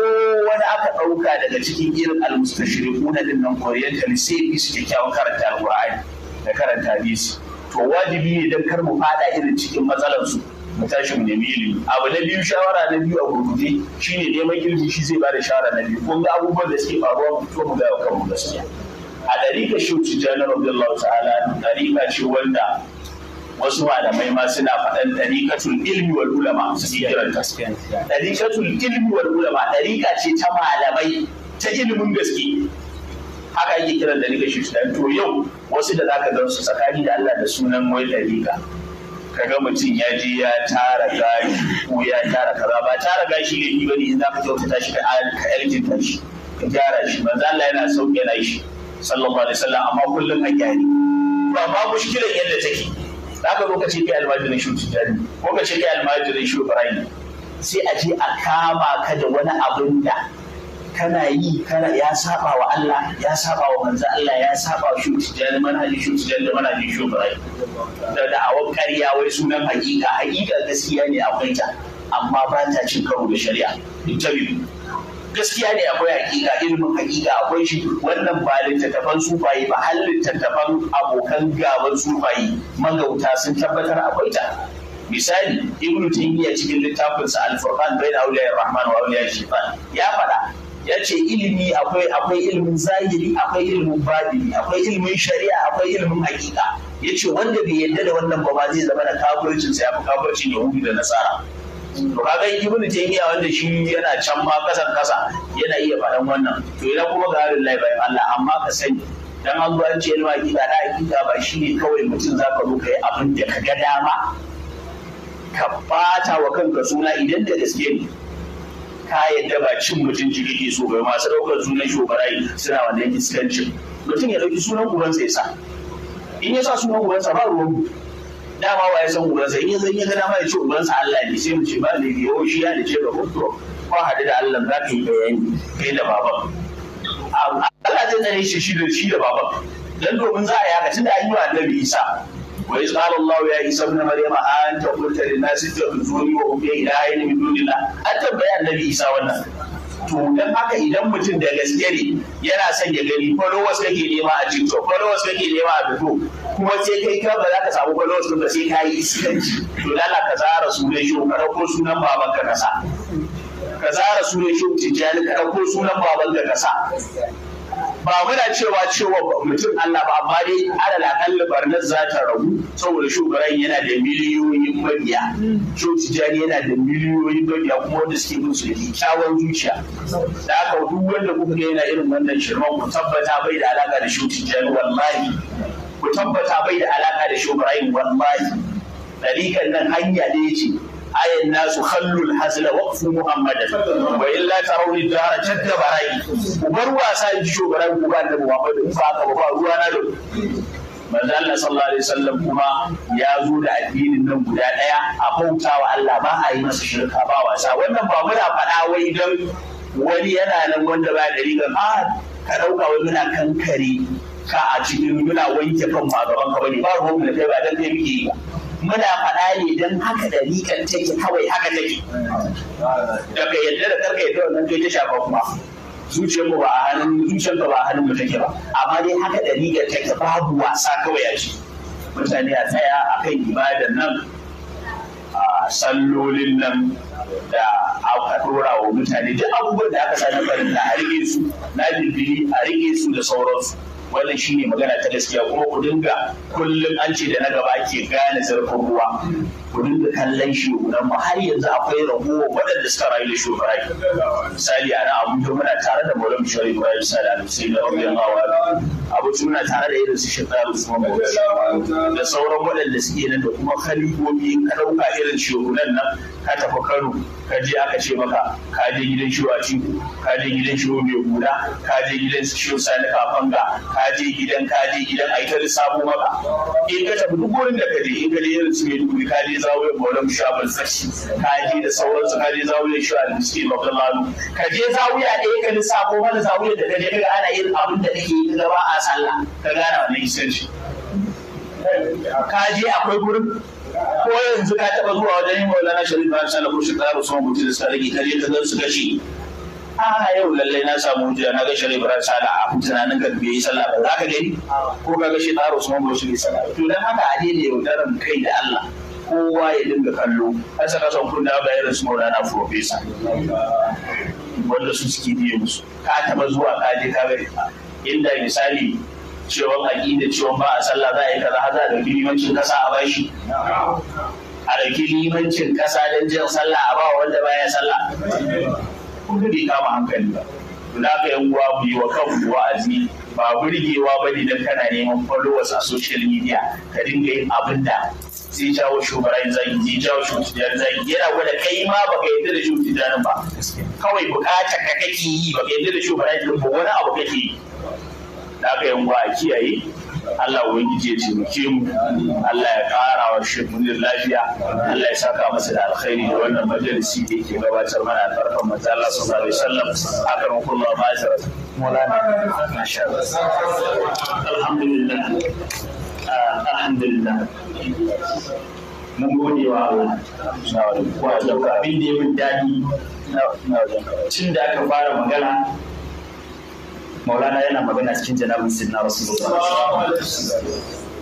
wani aka ɗauka daga cikin irin almustashriquna din nan Korean sai su kyakkyawan karanta Qur'ani da karanta su. to wajibi ne don kar mu fada irin cikin matsalar su mu tashi mu nemi ilimi abu na biyu shawara na biyu a gurguje shine neman ilimi shi zai bada shawara na biyu kun ga abubuwan da suke faruwa mu fito mu ga mu gaskiya a ɗarika shi tijjani radiyallahu ta'ala ɗarika ce wanda wasu malamai ma suna faɗan ɗarikatul ilmi wal ulama su kiran ta ɗarikatul ilmi wal ulama ɗarika ce ta malamai ta ilimin gaske haka ake kiran ɗariƙa shi to yau wasu da zaka gan su tsakani da Allah da sunan wai dalika kaga mutum ya je ya tara gashi ko ya tara kaza ba tara gashi ne ba ne in ka kyautata shi ka aljin shi ka gyara shi manzo Allah yana sauke na shi sallallahu alaihi wasallam amma kullum a gyari ba ba mushkilar yadda take zaka zo ka ce kai almajirin shi ko ka ce kai almajirin shi ibrahim sai a je a kama ka da wani abin da kana yi kana ya saba wa Allah ya saba wa manzo Allah ya saba shi tijan manhaji shi tijan da manhaji shi bai da da'awar ƙarya wai sunan haƙiƙa. hakika gaskiya ne akwai ta amma ba ta cin karo da shari'a interview gaskiya ne akwai haƙiƙa. ilimin haƙiƙa akwai shi wannan ba littattafan sufaye ba har littattafan abokan gaban sufaye magauta sun tabbatar akwai ta misali ibn taymiya cikin littafinsa al-furqan bayna awliya rahman wa awliya shaytan ya faɗa ya ce ilimi akwai akwai ilimin zahiri akwai ilimin badiri akwai ilimin shari'a akwai ilimin hakika ya ce wanda bai yadda da wannan ba zai zama da kafircin sai ya fi kafircin yahudi da nasara to ga ibn taymiya wanda shi yana can ma kasan kasa yana iya faɗan wannan to ina kuma ga harin bai Allah amma ka sani dan an zo an ce ilma hakika da hakika ba shi ne kawai mutum zaka zo kai abin da ka ga dama ka bata wa kanka suna idan da gaske ne ta yadda ba cin mutunci ke so bai masu ɗaukar sunan shobarai suna wannan iskancin mutum ya ɗauki sunan ubansa ya sa in ya sa sunan ubansa ba ruwan dama wa ya san ubansa in ya zan ya ga dama ya ce ubansa Allah ne sai mu ce ba ne biyo shi ya da ce ga mutu ko haɗu da Allah za ka yi bayani kai da baban Allah zai tsare shi shi da baban dan domin za a yaka tunda an yi wa Annabi Isa وإذ قال الله يا عيسى ابن مريم أنت قلت للناس اتخذوني وأمي إلهين من دون الله أنت النبي عيسى wannan to dan haka idan mutum da gaske ne yana son ya gani followers kake nema a TikTok followers kake nema a Bido kuma sai kai ka ba za ka samu followers ba sai ka yi iskanci to lalla ka zara sunan shi ka dauko sunan baban ka kasa ka zara sunan shi ka dauko sunan baban ka kasa ba muna cewa cewa mutum Allah ba amma dai alal akalli barnar za ta ragu saboda shugaban yana da miliyoyin mabiya shoci tijani yana da miliyoyin mabiya kuma wanda suke bin su da zuciya da haka duk wanda kuka ga yana irin wannan shirman ku tabbata bai da alaka da shoci tijani wallahi ku tabbata bai da alaka da shugaban wallahi dalikan nan hanya ɗaya ce أي الناس خلوا الحزل وقفوا محمدا وإلا ترون الدار جد براي وبروا أسائل شو براي وقال محمد فاق ruwa na له manzo Allah sallallahu alaihi wasallam kuma ya zo da addinin nan guda daya a bauta wa Allah ba a yi masa shirka ba wasa wannan ba muna faɗa wai dan wani yana nan wanda ba da rigar a ah, ka ɗauka wai muna kankare ka a cikin muna wanke kan ma gaban ka bane ba ruwan da kai ba dan kai muke yi ba muna faɗa ne don haka da kan take kawai haka take daga yadda da karka yadda wannan kai ta shafa kuma zuciyarmu ba a hannun zuciyarka ba a hannun mu take ba amma dai haka da kan take babu wasa kawai a ce mutane a tsaya a kan ibadan nan a sallolin nan da aka ɗora wa mutane duk abubuwan da aka sami farin da a rike su na bibiri a rike su da sauransu wannan shi ne magana ta gaskiya kuma ku dinga kullum an ce da na gaba ke gane zarfin ruwa ku da kallon guda mu har yanzu akwai ragowa waɗanda suka rayu da shugaban misali a nan abuja muna tare da maulam shari'a ibrahim sala da sai da rabin hawa abuja muna tare da irin su shekaru su da sauran waɗanda suke nan da kuma kalibobi ka ɗauka irin shugaban nan ka tafi kano ka je aka ce maka ka je gidan shi wacinku ka je gidan shi mai guda ka je gidan shi sani kafanga ka je gidan ka je gidan aikari sabo maka in ka tafi duk wurin da ka je in ka je irin su mai duk ka je je zawiyar maulam shabul fashi ka je da sauransu ka je zawiyar shi al miskin lalu ka je zawiya ɗaya ka sako mana zawiyar da kaje kaga ana yin abin da kake yi gaba a sallah ka gane wannan iskanci ka je akwai gurin ko yanzu ka taɓa zuwa wajen yin maulana sharif ba sallah ko da ba sama mutum da suka rage ka je ka gan su gashi a yau lallai na samu hujja na ga sharif ba sallah a tunanin ka bai yi sallah ba za ka gani ko ka ga shi tsaro su mambo shi bai sallah to dan haka a daidai yaudaran kai da Allah kowa ya dinga kallo a saka son kunna da su maulana profesa wanda su suke biye musu ka taba zuwa ka je ka gani inda misali cewa aƙida cewa ba a sallah za a yi kaza haka da limancin kasa a bashi a ɗauki limancin kasa don jin sallah a ba wanda baya sallah kuma bai kama hankali ba na ka yi uwa mu yi wa kan wa'azi ba burgewa ba ne don kana neman followers a social media ka dinga yin abin da zai jawo shugaban zagi zai jawo shugaban zagi yana gwada kai ma baka yadda da shugaban ba kawai bukatar ka kake yi baka yadda da shugaban din ba wani abu kake yi da aka yi a kiyaye Allah ubangiji ya taimake mu Allah ya kara wa shekunir lafiya Allah ya saka masa da alkhairi da wannan majalisi da yake gabatar mana albarkan manzo Allah sallallahu alaihi wasallam akan kullu ma'azara mulana masha Allah alhamdulillah ah, alhamdulillah na gode wa Allah na wajen ka abin da ya min daɗi na wajen ka tun da aka fara magana maulana yana magana cikin janabin sinna rasulullah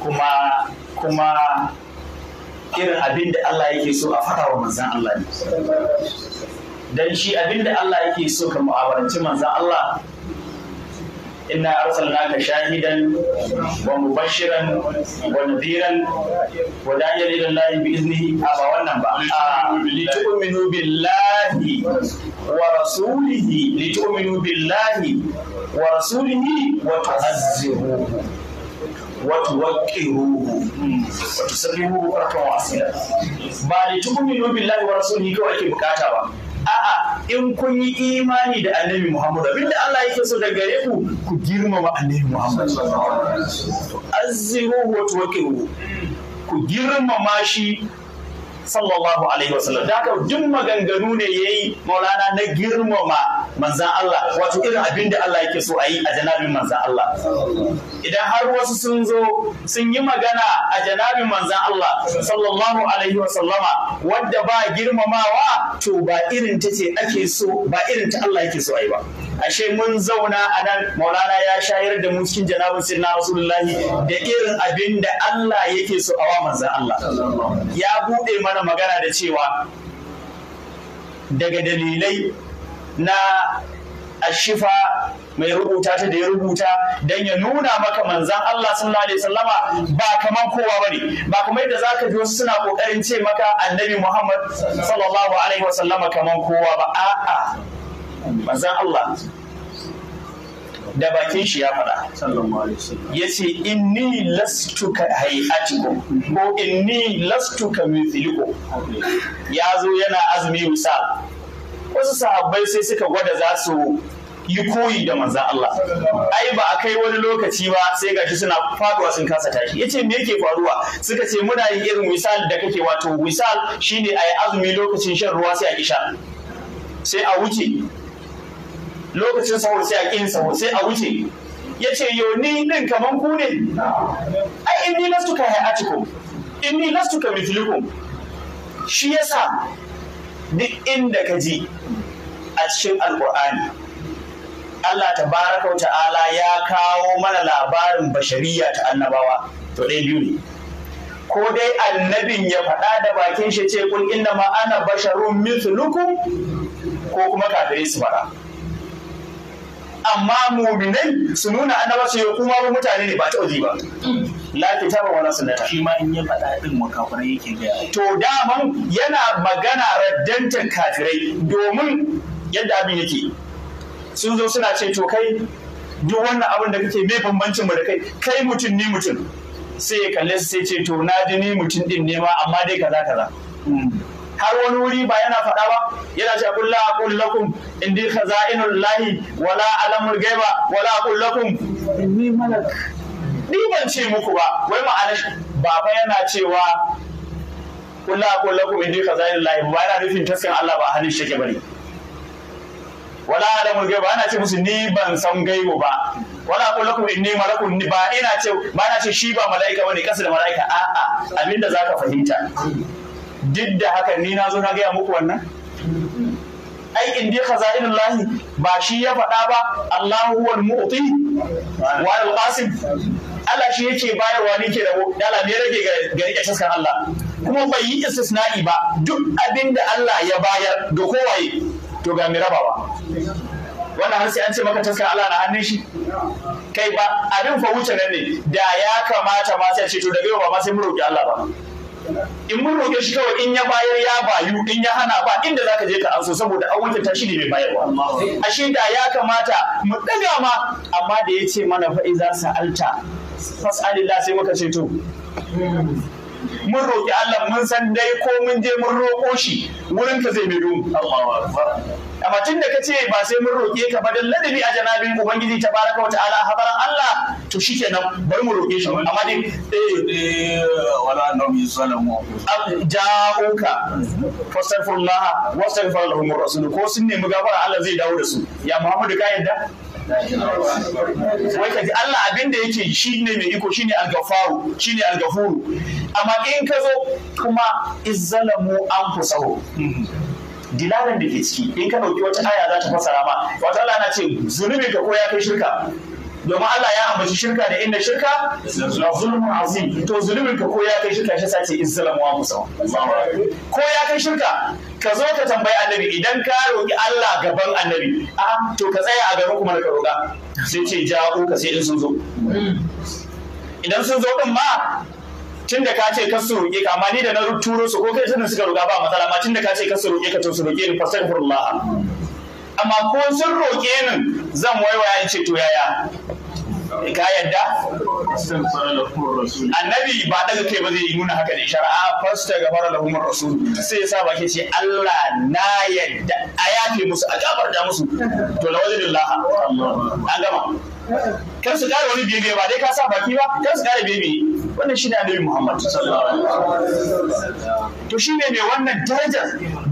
kuma kuma irin abin da Allah yake so a faɗa wa manzan Allah ne Don shi abin da Allah yake so ka mu'amalanci manzan Allah إنا أرسلناك شاهدا ومبشرا ونذيرا وداعيا إلى الله بإذنه أبا ونبا لتؤمنوا بالله ورسوله لتؤمنوا بالله ورسوله وتعزروه وتوكروه وتسبحوه بكرة وأصيلا بعد تؤمنوا بالله ورسوله كوكب كاتبا a'a in kun yi imani da annabi Muhammad abinda Allah yake so daga gare ku ku girmama annabi Muhammadu. Azziru wa tuqiru ku girmama shi sallallahu alaihi wasallam da haka duk maganganu ne yayi maulana na girmama manzan Allah wato irin abin da Allah yake so a yi a janabin manzan Allah idan har wasu sun zo sun yi magana a janabin manzan Allah sallallahu alaihi wasallama wadda ba girmamawa to ba irin ta ce ake so ba irin ta Allah yake so a yi ba ashe mun zauna a nan maulana ya shayar da mu cikin janabin sirna rasulullahi da irin abin da Allah yake so a wa manzan Allah ya bude mana fara magana da cewa daga dalilai na ashifa mai rubuta ta da ya rubuta don ya nuna maka manzan Allah sallallahu alaihi wasallama ba kaman kowa ba ne, ba kuma yadda za ka wasu suna kokarin ce maka annabi Muhammad sallallahu alaihi wasallama kaman kowa ba a'a manzan Allah da bakin shi ya faɗa ya ce inni lastu ka hayatiku ko inni lastu ka mithiliku ya zo yana azumi misal wasu sahabbai sai suka gwada za su yi koyi da manzan Allah ai ba a kai wani lokaci ba sai gashi suna faduwa sun kasa tashi yace me yake faruwa suka ce muna yin irin misal da kake wato misal shine a yi azumi lokacin shan ruwa sai a isha. sai a wuce lokacin sahur sai a ƙin sahur sai a wuce ya ce yo ni din ku ne ai ni lastu ka in ni lastu ka mithlukum shi ya sa duk inda ka ji a cikin alkur'ani Allah baraka wa ta'ala ya kawo mana labarin bashariya ta annabawa to ɗaya biyu ne ko dai annabin ya faɗa da bakin shi ce kul inna ma ana basharun mithlukum ko kuma kafirai su faɗa amma muminai su nuna annaba su ya kuma mu mutane ne ba ta uji ba la kitaba wala sunnata shi ma in ya faɗa wa makafirai yake gaya. to daman yana magana raddantar kafirai domin yadda abin yake sun zo suna ce to kai duk wannan abin da kake mai bambancin mu da kai kai mutum ni mutum sai ya kalle sai ce to na ji ni mutum ɗin ne ma amma dai kaza kaza har wani wuri ba yana faɗa ba yana ce qul la aqul lakum indi khaza'inul lahi wala alamul gaiba wala aqul lakum inni malak ni ban ce muku ba wai ma'ana baba yana cewa qul la aqul lakum indi khaza'inul lahi ba yana nufin taskan Allah ba hannun shake bane wala alamul gaiba yana ce musu ni ban san gaibo ba wala aqul lakum inni malakun ba ina ce ba ina ce shi ba mala'ika bane kasa da mala'ika a'a abinda zaka fahimta duk da haka ni na zo na gaya muku wannan ai in dai khaza'inul lahi ba shi ya faɗa ba Allahu huwal mu'ti wa al-qasim Allah shi yake bayarwa ne ke da Allah ne rage ga rike shaskan Allah kuma bai yi istisna'i ba duk abin da Allah ya bayar ga kowaye to ga mai rabawa wannan har sai an ce maka taskar Allah na hannun shi kai ba abin fa wuce nan ne da ya kamata ma sai ce to daga yau ba ma sai mu roki Allah ba in mun roƙe shi kawai in ya bayar ya bayu in ya hana ba inda ka je ka amsa saboda an wakilta tashi ne mai bayarwa ashe da ya kamata mu ɗaga ma amma da ya ce mana fa iza sa'alta fas'alillah sai muka ce to mun roƙi Allah mun san dai ko mun je mun roƙo shi wurin ka zai mai domin amma tun da ce ba sai mun roƙe ka ba dan ladabi a janabin ubangiji ta baraka wa ta'ala habaran Allah to nan, bari mu roƙe shi amma dai eh, eh wala annahum yusalamu ja'uka fastaghfirullah wastaghfir lahum rasul ko sun nemi gafara Allah zai dawo da su ya Muhammadu ka yadda wai kaji Allah abin da yake shi ne mai iko shine algafaru shine algafuru amma in ka zo kuma izzalamu an kusahu dilalan da ke ciki in ka ɗauki wata aya za ta fassara ma wata Allah na ce zunubi ka ko ya kai shirka domin Allah ya ambaci shirka da inda shirka na zulmun azim to zulumin ka ko ya kai shirka shi sace izzalamu wa musa ko ya kai shirka ka zo ka tambayi annabi idan ka roki Allah gaban annabi a to ka tsaya a gaban kuma ka roka sai ce ja'u ka sai in sun zo hmm. idan sun zo din ma tun da ka ce ka su roƙe ka amma ni da na turo su ko kai sanin suka roƙa ba matsala amma tun da ka ce ka su roƙe ka to su roƙe ni fastaghfirullah amma ko sun roƙe ni zan waiwaya in ce to yaya ka yadda annabi ba daga kai ba zai nuna haka da ishara a fasta ga fara lahumar rasul sai ya sa baki ce Allah na yadda a yafe musu a da musu to lawajidillah an gama kar su kara wani bebe ba dai ka sa baki ba kar su bebe wannan ne annabi Muhammad sallallahu alaihi wasallam to ne mai wannan daraja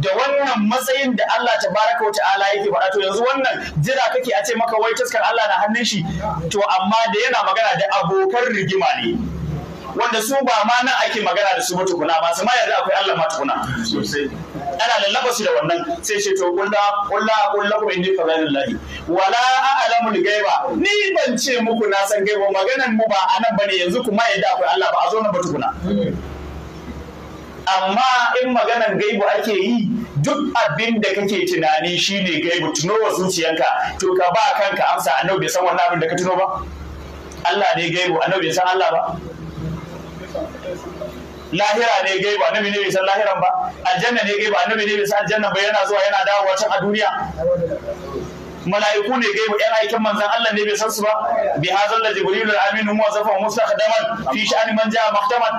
da wannan matsayin da Allah tabaraka ta'ala yake faɗa to yanzu wannan jira kake a ce maka wai taskar Allah na hannun shi to amma da yana magana da abokan rigima ne wanda su ba ma nan ake magana da su ba tukuna ba su ma yarda akwai Allah matukuna tukuna ana lallaba su da wannan sai ce to kullu kullu kullu ku inni fadlillahi wala a'lamu al-ghaiba ni ban ce muku na san gaiba maganan mu ba anan bane yanzu kuma yarda akwai Allah ba a zo nan ba tukuna amma in maganan gaibu ake yi duk abin da kake tunani shine gaibu tuno wa zuciyanka to ka ba kanka amsa annabi bai san wannan abin da ka tuno ba Allah ne gaibu annabi bai san Allah ba lahira ne gaiba annabi ne bai san lahiran ba aljanna ne gaiba annabi ne bai san aljanna ba yana zuwa yana dawo can a duniya mala'iku ne gaibu yan aikin manzan Allah ne bai san su ba bi hazal la jibril al amin huwa zafa mustakhdaman fi sha'ani man ja'a mahtaman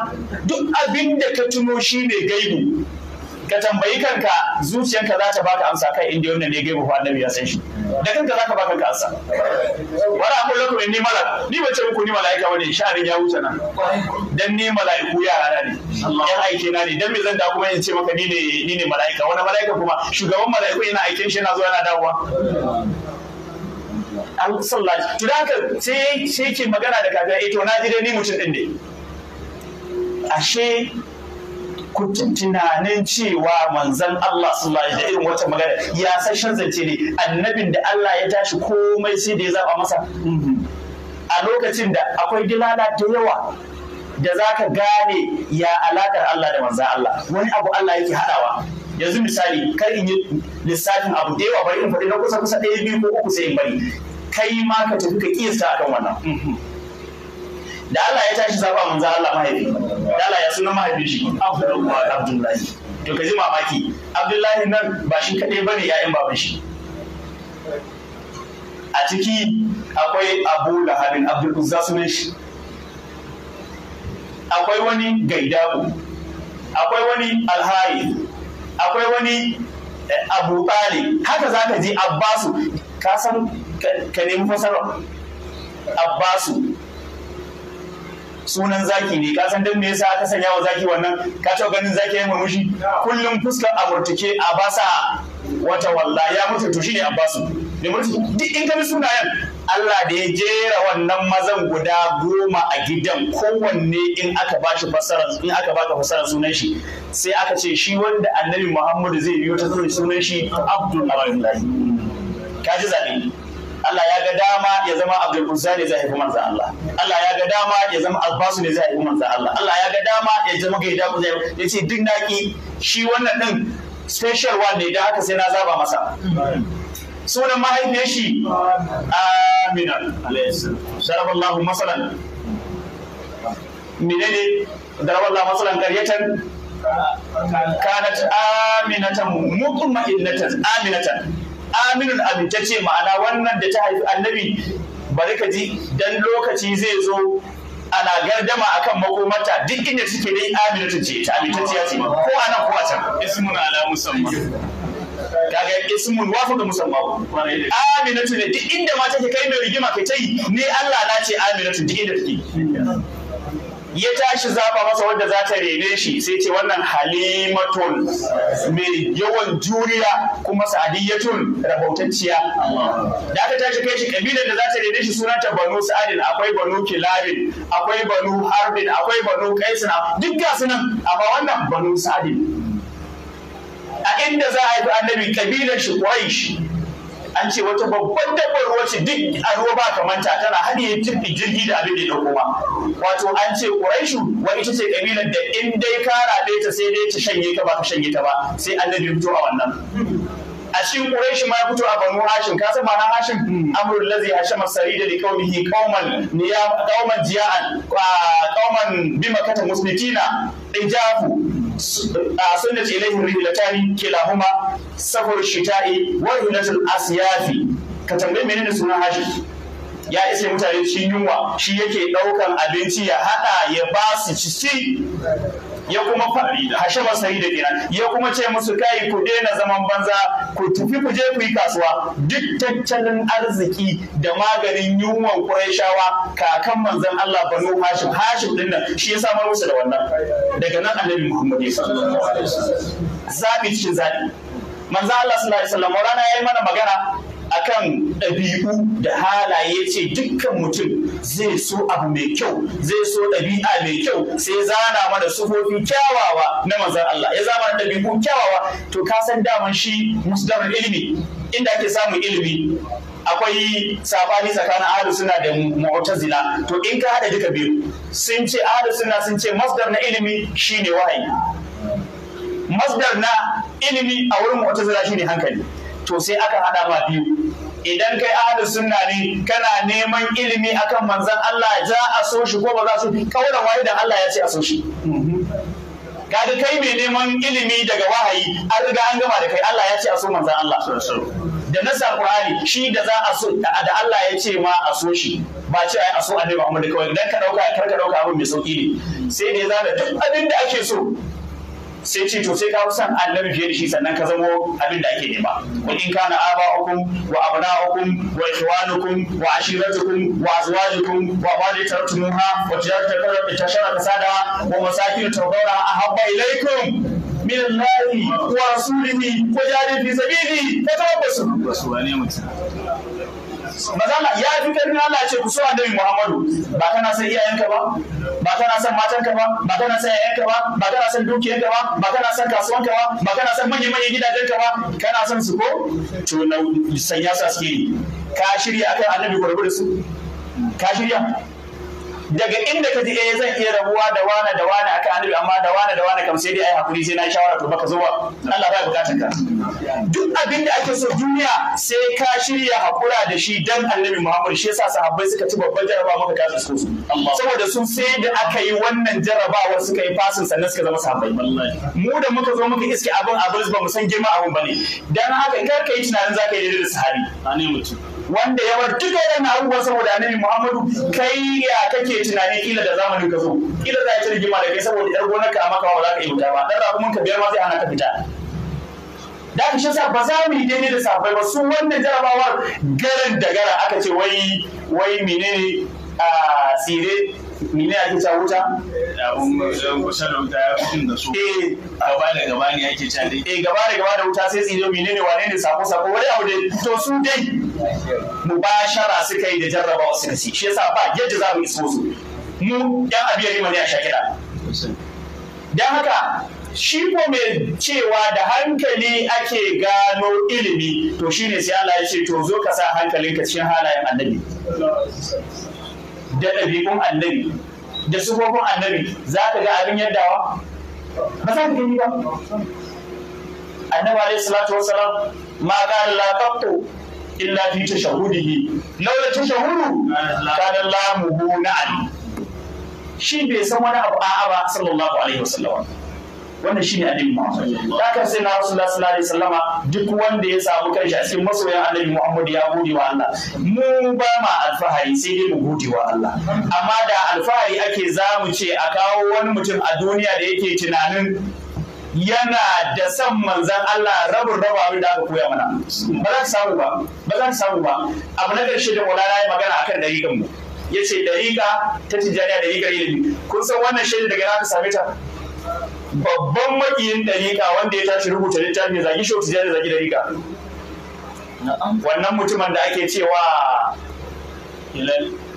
duk abin da ka tuno shi ne gaibu ka tambayi kanka zuciyanka za ta baka amsa kai inda wannan ne gaibu fa annabi ya san shi da kanka za ka baka kanka amsa wala aqul lakum inni malak ni bace muku ni malaika bane sha'anin ya wuce nan dan ni malaiku yara ne yan aike na ne dan me zan da kuma in ce maka ni ne ni ne malaika wani malaika kuma shugaban malaiku yana aikin shi yana zuwa yana dawowa an sallaci to da haka sai sai ke magana da kafin, eh to na ji dai ni mutum ɗin ne ashe ku tunanin cewa manzon Allah sallallahu da irin wata magana ya shan zance ne annabin da Allah ya tashi komai sai da ya zaba masa mm-hmm. a lokacin da akwai dilala da yawa da zaka gane ya alakar Allah da manzon Allah wani abu Allah yake haɗawa. yanzu misali kar in yi lissafin abu da yawa bari in faɗi na kusa kusa ɗaya biyu ko uku sai in bari kai ma ka tafi ka kiyasta akan wannan mm-hmm. da Allah ya tashi zaba manzo Allah mahaifi da Allah ya suna mahaifi shi Abdullahi to ka ji mamaki Abdullahi nan ba shi kadai bane yayin baban shi a ciki akwai Abu Lahabin Abdul Uzza sunan shi akwai wani Gaidabu akwai wani Alhari akwai wani eh, Abu ɓari haka za ka ji Abbasu ka san ka nemi fasarar Abbasu sunan zaki ne kasan dan me yasa aka sanya wa zaki wannan ka taɓa ganin zaki yayin murmushi kullum fuskar amurtike a basa wata walla ya mutu to shine abbasu ne mutu duk in ka bi sunayen Allah da ya jera wannan mazan guda goma a gidan kowanne in aka ba shi fasara in aka baka fasara sunan shi sai aka ce shi wanda annabi Muhammadu zai biyo ta sunan shi Abdul Abdullahi ka ji Allah ya ga dama ya zama Abdul Musa ne zai haifi manzan Allah Allah ya ga dama ya zama Abbasu ne zai haifi manzan Allah Allah ya ga dama ya zama ga ku zai yace duk naki shi wannan din special one ne da haka sai na zaba masa sunan mahaifiyar shi Amina Sharaballahu masalan menene daraballahu masalan karyatan kanat aminatan mutma'innatan aminatan aminun amintacce ma'ana wannan da ta haifi annabi bari ka ji dan lokaci zai zo ana gardama akan makomata duk inda suke dai aminatu ce ta amintacciya ce ko anan ko a can ismun ala musamman kaga ismun wafu da musamman aminatu ne duk inda ma take kai mai rigima kai ta yi ne Allah na ce aminatu duk inda take ya tashi zafa masa wanda za ta rene shi sai ce wannan halimatun mai yawan juriya kuma sa'adiyyatun rabautacciya da aka tashi kai shi kabilar da za ta rene shi sunanta banu sa'adin akwai banu kilabin akwai banu harbin akwai banu kaisin duk ga sunan amma wannan banu sa'adin a inda za a yi annabi kabilar shi quraish an ce wata babban dabbar ruwa ce duk a ruwa ba kamanta tana hadiye jirgin jirgi da abin da ya koma wato an ce quraishu wa ita ce kabilar da in dai ka rabe ta sai dai ta shanye ka ba ka shanye ta ba sai annabi fito a wannan a cikin quraishi ma fito a banu hashim ka san ma'anar hashim hmm. amrul ladzi hashama sarida li qaumihi qauman niya qauman jia'an qauman bima kata musnitina ijafu sunnat ilayhi rilatani kilahuma safar shita'i wa hilatul asyafi ka tambaye menene sunan hashim ya isa mutane cikin yunwa shi yake ɗaukan abinci ya haɗa ya ba su ci ya kuma da hashaba sai da kenan ya kuma ce musu kai ku daina zaman banza ku tufi ku je ku yi kasuwa duk tattalin arziki da maganin yunwan Qurayshawa kakan manzon Allah Banu Hashim Hashim din nan shi ya samar musu da wannan daga nan Annabi Muhammad sallallahu alaihi wasallam zabi cikin zabi manzo Allah sallallahu alaihi wasallam rana yayi mana magana akan ɗabi'u da halaye ce dukkan mutum zai so abu mai kyau zai so ɗabi'a mai kyau sai zana mana sufofi kyawawa na mazan Allah ya zama ɗabi'u kyawawa to ka san daman shi musdar ilimi inda ake samun ilimi akwai sabani tsakanin ahlus suna da mu'tazila to in ka hada duka biyu sun ce ahlus suna sun ce masdar na ilimi shine wahayi masdar na ilimi a wurin mu'tazila shine hankali to sai aka hada ma biyu idan kai ahli sunna ne kana neman ilimi akan manzon Allah za a so shi ko ba za su kaura waye da Allah ya ce a so shi kaga kai mai neman ilimi daga wahayi an riga an gama da kai Allah ya ce a so manzon Allah da nasa Qur'ani shi da za a so da Allah ya ce ma a so shi ba ce ai a so annabi Muhammad kawai dan ka dauka kar ka dauka abin mai sauki ne sai dai za da duk abin da ake so sai ce to sai ka fi san annabi fiye da shi sannan ka zamo abin da ake nema wa in kana uku wa hukum, wa ikhwanukum wa ashiratukum wa azwajukum wa bani tartumuha wa tijaratan tashara kasada wa masakin A ahabba ilaikum min Allah wa rasulihi wa jahadu fi sabilihi fatabassu mazala ya fi karfin Allah ce ku so annabi Muhammadu ba kana san iyayenka ba ba kana san matanka ba ba kana san yayanka ba ba kana san dukiyarka ba ba kana san kasuwanka ba ba kana san manyan manyan gidajenka ba kana san su ko to na sanya su askiri ka shirya akan annabi gurbi da su ka shirya daga inda ka ji eh, zan iya rabuwa da wane da wane akan annabi amma da wane da wane kam sai dai ai hakuri sai na yi shawara to baka zo ba Allah ba bukatar ka duk abin da ake so duniya sai ka shirya hakura da shi dan annabi Muhammad shi yasa sahabbai suka ci babban jaraba maka kasu su saboda sun sai da aka yi wannan jarabawar suka yi fasin sannan suka zama sahabbai mu da muka zo muka iske abin abin ba mu san girma abin bane dan haka kar ka yi tunanin zaka yi da sahabi ne mutum wanda ya bar duka yana abubuwan saboda annabi Muhammadu kai ya kake tunani kila da zamanin ka zo kila za ci rigima da kai saboda yar gonar ka maka ba za ka yi wuta ba dan rakumin ka biyar ma sai ana ka fita da shi sa ba za mu yi daidai da safai ba su wannan jarabawar garin da gara aka ce wai wai menene a tsire Mine ake ta wuta abun kusa eh, da wuta ya da su eh gaba da gaba ne ake cewa dai eh gaba da gaba da wuta sai tsiro ne wane ne sako sako wani abu da to su dai mubashara suka yi da jarrabawa wasu da shi yasa ba yadda za mu iso su mu yan abiyar ne a sha kiɗa? dan haka shi ko mai cewa da hankali ake gano ilimi to shine sai Allah ya ce to zo ka sa hankalinka cikin halayen annabi da ɗabi'un annabi da sufofin annabi za ka ga abin yadda wa? ba za ka gani ba annabi alaihi salatu wasalam ma qala la taqtu illa fi tashahudihi laula tashahudu kana lamuhu na'an shi bai san wani abu a'a ba sallallahu alaihi wasallam wannan ne annabi Muhammad da kan sai na Rasulullah sallallahu alaihi wasallama duk wanda ya samu kanshi a cikin masoyan annabi Muhammad ya gode wa Allah mu ba ma alfahari sai dai mu gode wa Allah amma da alfahari ake zamu ce a kawo wani mutum a duniya da yake tunanin yana da son manzan Allah rabin raba abin da aka koya mana ba za samu ba ba za samu ba abu na ƙarshe da na ya magana akan dariƙan mu ya ce dariƙa ta tijjaniya dariƙar ilimi kun san wannan shaidar daga na ka same ta babban makiyin dariƙa wanda ya tashi rubuta littafi zagi shi da zagi dariƙa wannan mutumin da ake cewa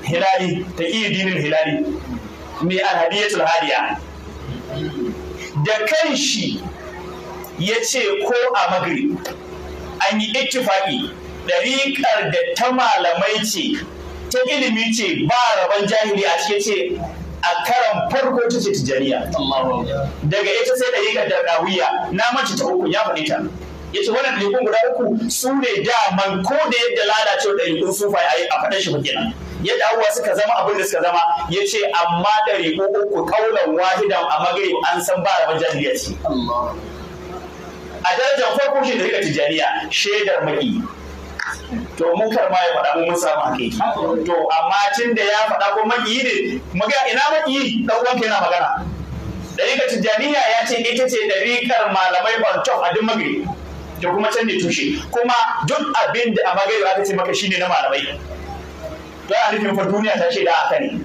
hilali ta iya dinin hilali mai alhadiyatul hadiya da kanshi ya ce ko a magri an yi ittifaƙi ɗariƙar da ta malamai ce ta ilimi ce ba rabon jahili a cikin ce a karan farko ta ce tijaniya daga ita sai da yikar dardawiya na mace ta uku ya faɗi ta ya ce wannan ɗalikun guda uku su ne daman ko da yadda lalacewa ɗalikun sufa ya yi a faɗin shi kenan yadda abubuwa suka zama abin da suka zama ya ce amma ɗariƙo uku ƙaunar wahidan a magrib an san ba rabin jahiliya ce a darajar farko shi da rika tijaniya shaidar maki to mun karba ya faɗa mun samu haƙi to amma tun da ya faɗa ko maki ne muga ina maƙiyi dan uwanka yana magana dariƙar tijjaniya ya ce ita ce dariƙar malamai bantok a duk magari da kuma can ne tushe kuma duk abin da a magari ta ce maka shine na malamai don a nufin fa duniya ta ce da aka ne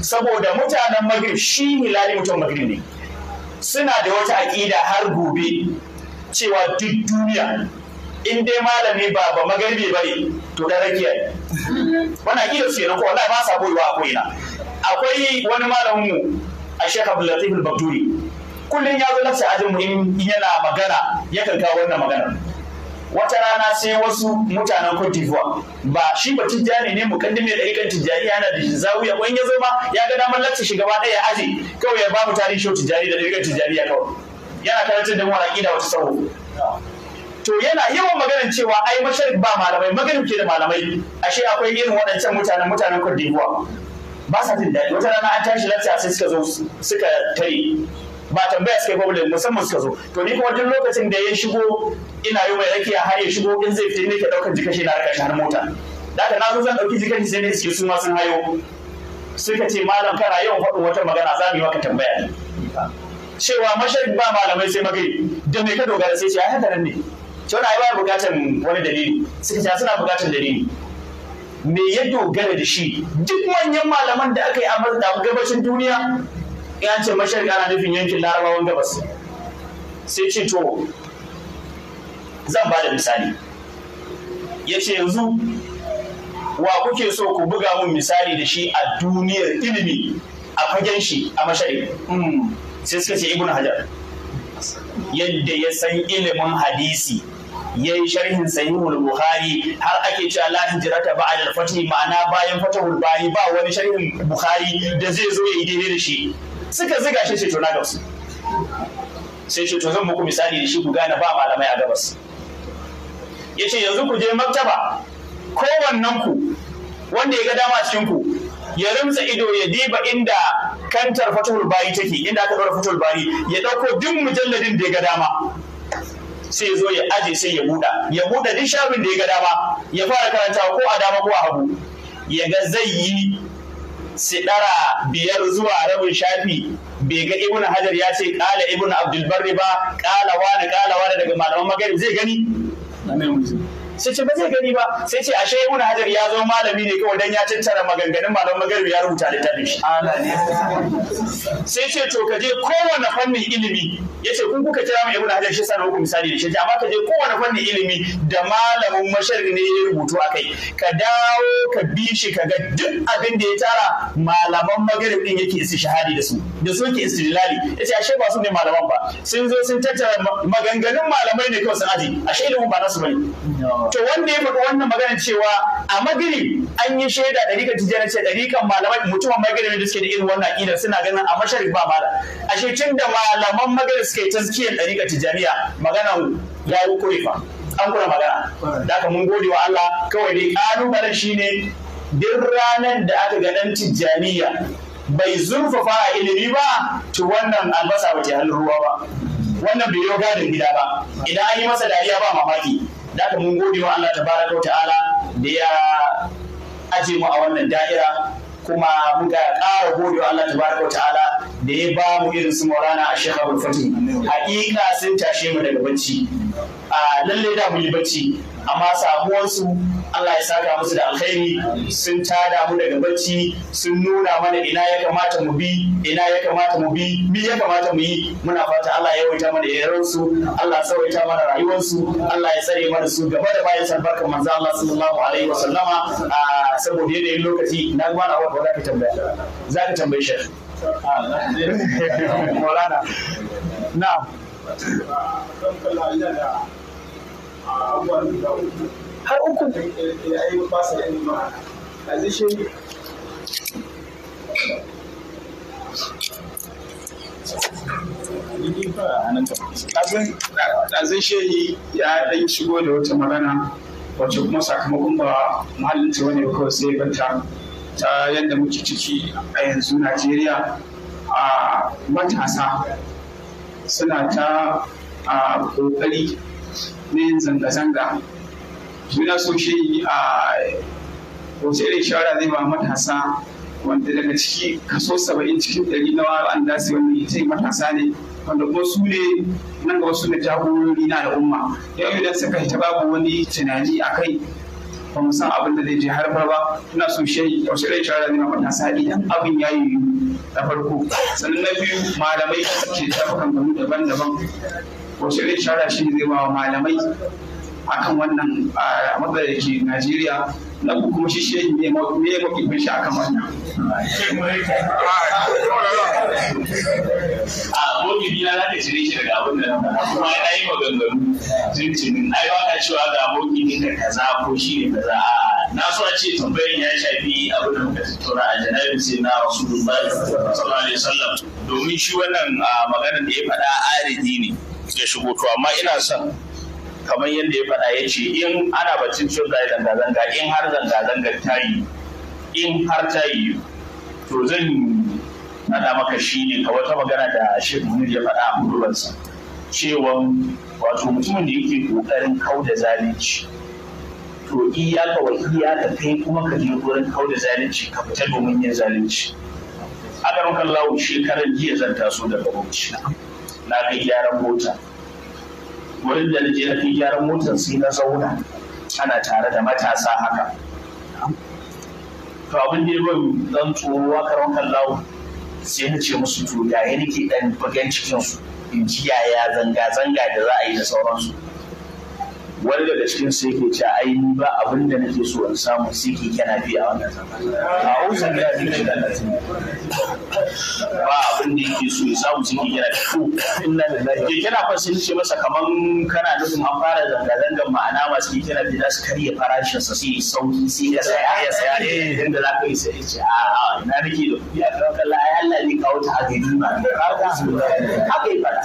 saboda mutanen magrib shi hilali mutum magrib ne suna da wata aƙida har gobe cewa duk duniya in dai malami ba ba magarbi ba ne to da rakiya ne wani akida su yana ko ba sa boyewa a ko'ina akwai wani malamin mu a shekha abdulatif al-bakturi kullum ya zo nafsa ajin mu in yana magana ya kawo wannan magana wata rana sai wasu mutanen Cote d'Ivoire ba shi ba tijjani ne ne da ikan tijjani yana da zawiya wani ya zo ma ya ga damar shi gaba ɗaya kawai ya ba mutane shi tijjani da ikan tijjani ya kawai yana karantar da mu wani wata sahu to yana yawan maganar cewa ai masharib ba malamai maganin ke da malamai ashe akwai irin waɗancan mutanen mutanen Cote ba sa jin daɗi wata rana an tashi lafiya sai suka zo suka tare ba tambaya suka yi musamman suka zo to ni kuma duk lokacin da ya shigo ina yi mai rakiya har ya shigo in zai fita ne ka ɗaukar jikashi na harkar har mota da haka na zo zan ɗauki jikaci sai ne suke su ma sun hayo suka ce malam kana yawan faɗin wata magana za mu yi maka tambaya cewa masharik ba malamai sai magari da mai ka dogara sai ce ai haka nan ne cewa ai ba bukatan wani dalili suka ce suna bukatan dalili me ya dogara da shi duk manyan malaman da aka yi a gabashin duniya ya ce mashar ana nufin yankin larabawan gabas sai ce to zan ba da misali ya ce yanzu wa kuke so ku buga mun misali da shi a duniyar ilimi a fagen shi a mashari hmm. sai suka ce ibn hajar yadda ya san ilimin hadisi Ya yi sharhin sahihul bukhari har ake cewa la hijrata ba'da al fatih ma'ana bayan fatahul bari ba wani sharhin bukhari da zai zo ya yi daidai da shi suka ziga shi sai to na gabas sai shi to zan muku misali da shi ku gane ba malamai a gabas yace yanzu ku je maktaba kowannen ku wanda ya ga dama cikin ku ya rumtsa ido ya diba inda kantar fatahul bari take inda aka ɗora fatahul bari ya ɗauko duk mujalladin da ya ga dama sai zo ya aje sai ya buɗa ya buɗa duk shafin da ya ga dama ya fara karanta ko a dama ko a hagu ya ga zai yi sidara biyar zuwa rabin shafi bai ga ibn hajar ya ce ƙala ibn abdul barri ba kala wani kala wani daga malaman magarib zai gani sai ce ba zai gani ba sai ce ashe ibnu hajar ya zo malami ne kawai dan ya tattara maganganun malamin magarbi ya rubuta littafin shi sai ce to ka je kowane fannin ilimi yace kun kuka kira mu ibnu hajar shi sana muku misali da shi amma ka je kowane fannin ilimi da malamin mashariki ne ya rubutu akai ka dawo ka bi shi ka ga duk abin da ya tara malaman magarbi din yake shahadi da su da su yake istidlali yace ashe ba su ne malaman ba sun zo sun tattara maganganun malamai ne kawai sun aji ashe ilimin ba nasu bane to wanda ya faɗi wannan magana cewa a magiri an yi shaida ɗarikan tijjani ce ɗarikan malamai mutumin magiri da suke da irin wannan aƙida suna ganin a masharif ba mala ashe tun da malaman magiri suke taskiyar ɗarikan tijjaniya magana ya yi fa an kuna magana da aka mun gode wa Allah kawai dai ƙalubalen ne duk ranar da aka ga ɗan tijjaniya bai zurfafa a ilimi ba to wannan albasa wata halin ruwa ba wannan bai yau gadin gida ba idan an yi masa dariya ba mamaki da mun gode wa Allah tabaraka wa ta'ala da ya aje mu a wannan da'ira kuma ga ƙara gode wa Allah tabaraka wa ta'ala da ya ba mu irin su Maulana a Sheikh Abdul Fatih hakika sun tashe mu daga bacci a lalle da mu yi bacci amma samuwansu Allah ya saka musu da alkhairi sun ta mu daga bacci sun nuna mana ina ya kamata mu bi ina ya kamata mu bi mi ya kamata mu yi muna fata Allah ya yawaita mana su Allah ya tsawaita mana rayuwarsu Allah ya tsare mana su gaba da bayan sarbarka manzo Allah sallallahu alaihi a saboda yanayin lokaci na gwana wa za ka tambaya za ka tambaye shi na'am har uku ɗazin shehi ya ɗan shigo da wata magana wacce kuma sakamakon ba mahallinta wani kawai sai banta ta yadda muke ciki a yanzu najeriya a matasa suna ta a ƙoƙari na yin zanga-zanga suna so shi a wace irin shawara zai ba matasa wanda daga ciki kaso saba'in cikin ɗari na wa'anda su wanda ita matasa ne wanda kuma su ne nan ga wasu ne jagorori na al'umma yau idan suka hita babu wani tunani a kai ba mu san abin da zai je harba ba Tuna so shi wace irin shawara zai ba matasa idan abin ya yi na farko sannan na biyu malamai suke tafi kan daban-daban Wasu irin shara shi zai ba wa malamai akan wannan matsalar ke Najeriya na kuma shi shi ne me ya mafi kunshi akan wannan. A abokin na ta cire shi daga abin da na kuma ya yi maganganu cincinin ai ba ka cewa ga abokin ɗinka kaza ko shi ne kaza a na so a ce tambayar ya shafi abin da muka tattauna a janabin sai na wasu dubai sallallahu alaihi wasallam domin shi wannan maganar da ya faɗa aridi ne. suke shigo to amma ina son kamar yadda ya faɗa ya ce in ana batun cewa zanga-zanga in har zanga zanga ta yi in har ta yi to zan nada maka shi ne ka wata magana da shi ya faɗa a budurarsa cewa wato mutumin da yake ƙoƙarin kau da zalunci to iya iyaka wa ka kai kuma ka je wurin kau da zalunci ka fita domin yin zalunci a garin kallawo shekaran jiya zan taso daga bauchi na ga gyaran mota wurin da naje na fi gyaran motar sai na zauna ana tare da matasa haka to abin da ya ban dan tsoro a karon kallawo sai na ce musu to ya nake dan bagen cikin su in ji yaya zanga zanga da za a yi da sauransu wani daga cikin su yake ci ai ni ba abin da nake so in samu siki kana bi a wannan zamanin a usan ya fi shi ba abin da yake so ya samu siki kana bi ko inna lillahi ke kana fa sun ce masa kaman kana nufin an fara zanga zanga ma'ana masu ke kana fi da su karya farashin sa sai sauki sai ya saya ya saya inda za ka yi sai ce a a na nake da kuɗi a kan kallon ai Allah ne kawo ta a gari ma haka yi fara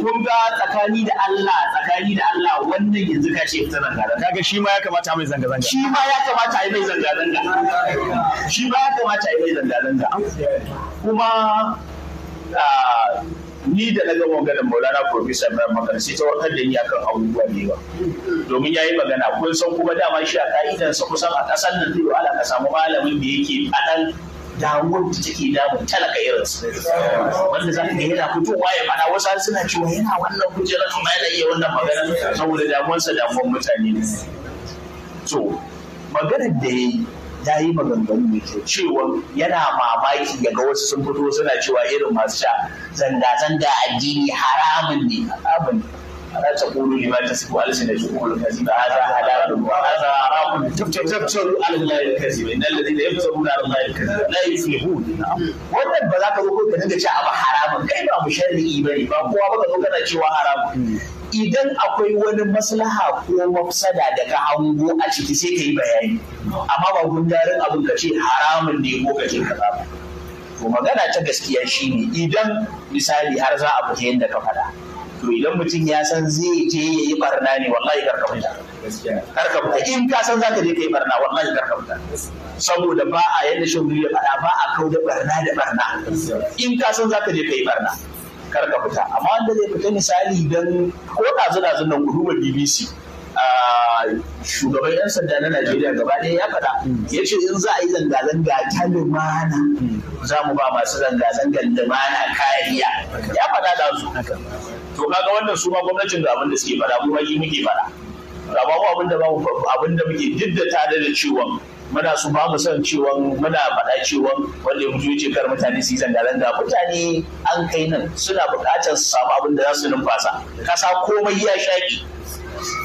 kun ga tsakani da Allah tsakani da Allah wannan yanzu ka ce fita zanga zanga kaga shi ma ya kamata mai zanga zanga shi ma ya kamata a yi mai zanga zanga shi ma ya kamata a yi mai zanga zanga kuma ni da na ga maganar Maulana Professor Ibrahim Makar sai ta wakar da ni akan abubuwa da yawa domin yayi magana kun san kuma dama shi a ka'idansa kusan a kasar nan dole ala ka samu malamin da yake faɗan damuwar da take damun talaka irin su wanda za ka ga yana fitowa ya fada wasu har suna cewa yana wannan kujerar kuma yana iya wannan magana saboda damuwarsa damuwar mutane ne so maganar da ya yi ya yi maganganu mai kyau cewa yana mamaki daga wasu sun fito suna cewa irin masu sha zanga-zanga addini haramun ne haramun ne هذا حلال وهذا حرام على الله الكذب إن الذين يفترون على الله الكذب لا يفلحون wannan ba za ka zo ka dinga cewa abu haramun kai ba mu zo cewa haramun idan akwai wani maslaha ko mafsada da ka hango a ciki sai ka yi bayani amma ba gundarin abin ka ce haramun ne ko ka ce kaza ba to magana ta gaskiya shine idan misali har za a fita yadda ka faɗa to idan mutum ya san zai je ya yi barna ne wallahi karka fita karka fita in ka san zaka je ka yi barna wallahi karka fita saboda ba a yadda shan ya faɗa ba a kau da barna da barna in ka san zaka je ka yi barna karka fita amma wanda zai fita misali don ko da ɗazun nan gudubar bbc shugaban 'yan sanda na Najeriya gaba ɗaya ya faɗa ya ce in za a yi zanga-zanga ta lumana za mu ba masu zanga-zangar lumana kariya ya faɗa da su to kaga wannan su ma gwamnatin ga abin da suke fara, kuma yi muke fara. ga babu abin da babu abin da muke diddata da cewa muna su ba mu san cewa muna faɗa cewa wanda ya mutu kar mutane su yi zanga mutane an kai nan suna buƙatar su samu abin da za su numfasa kasa komai ya shaƙi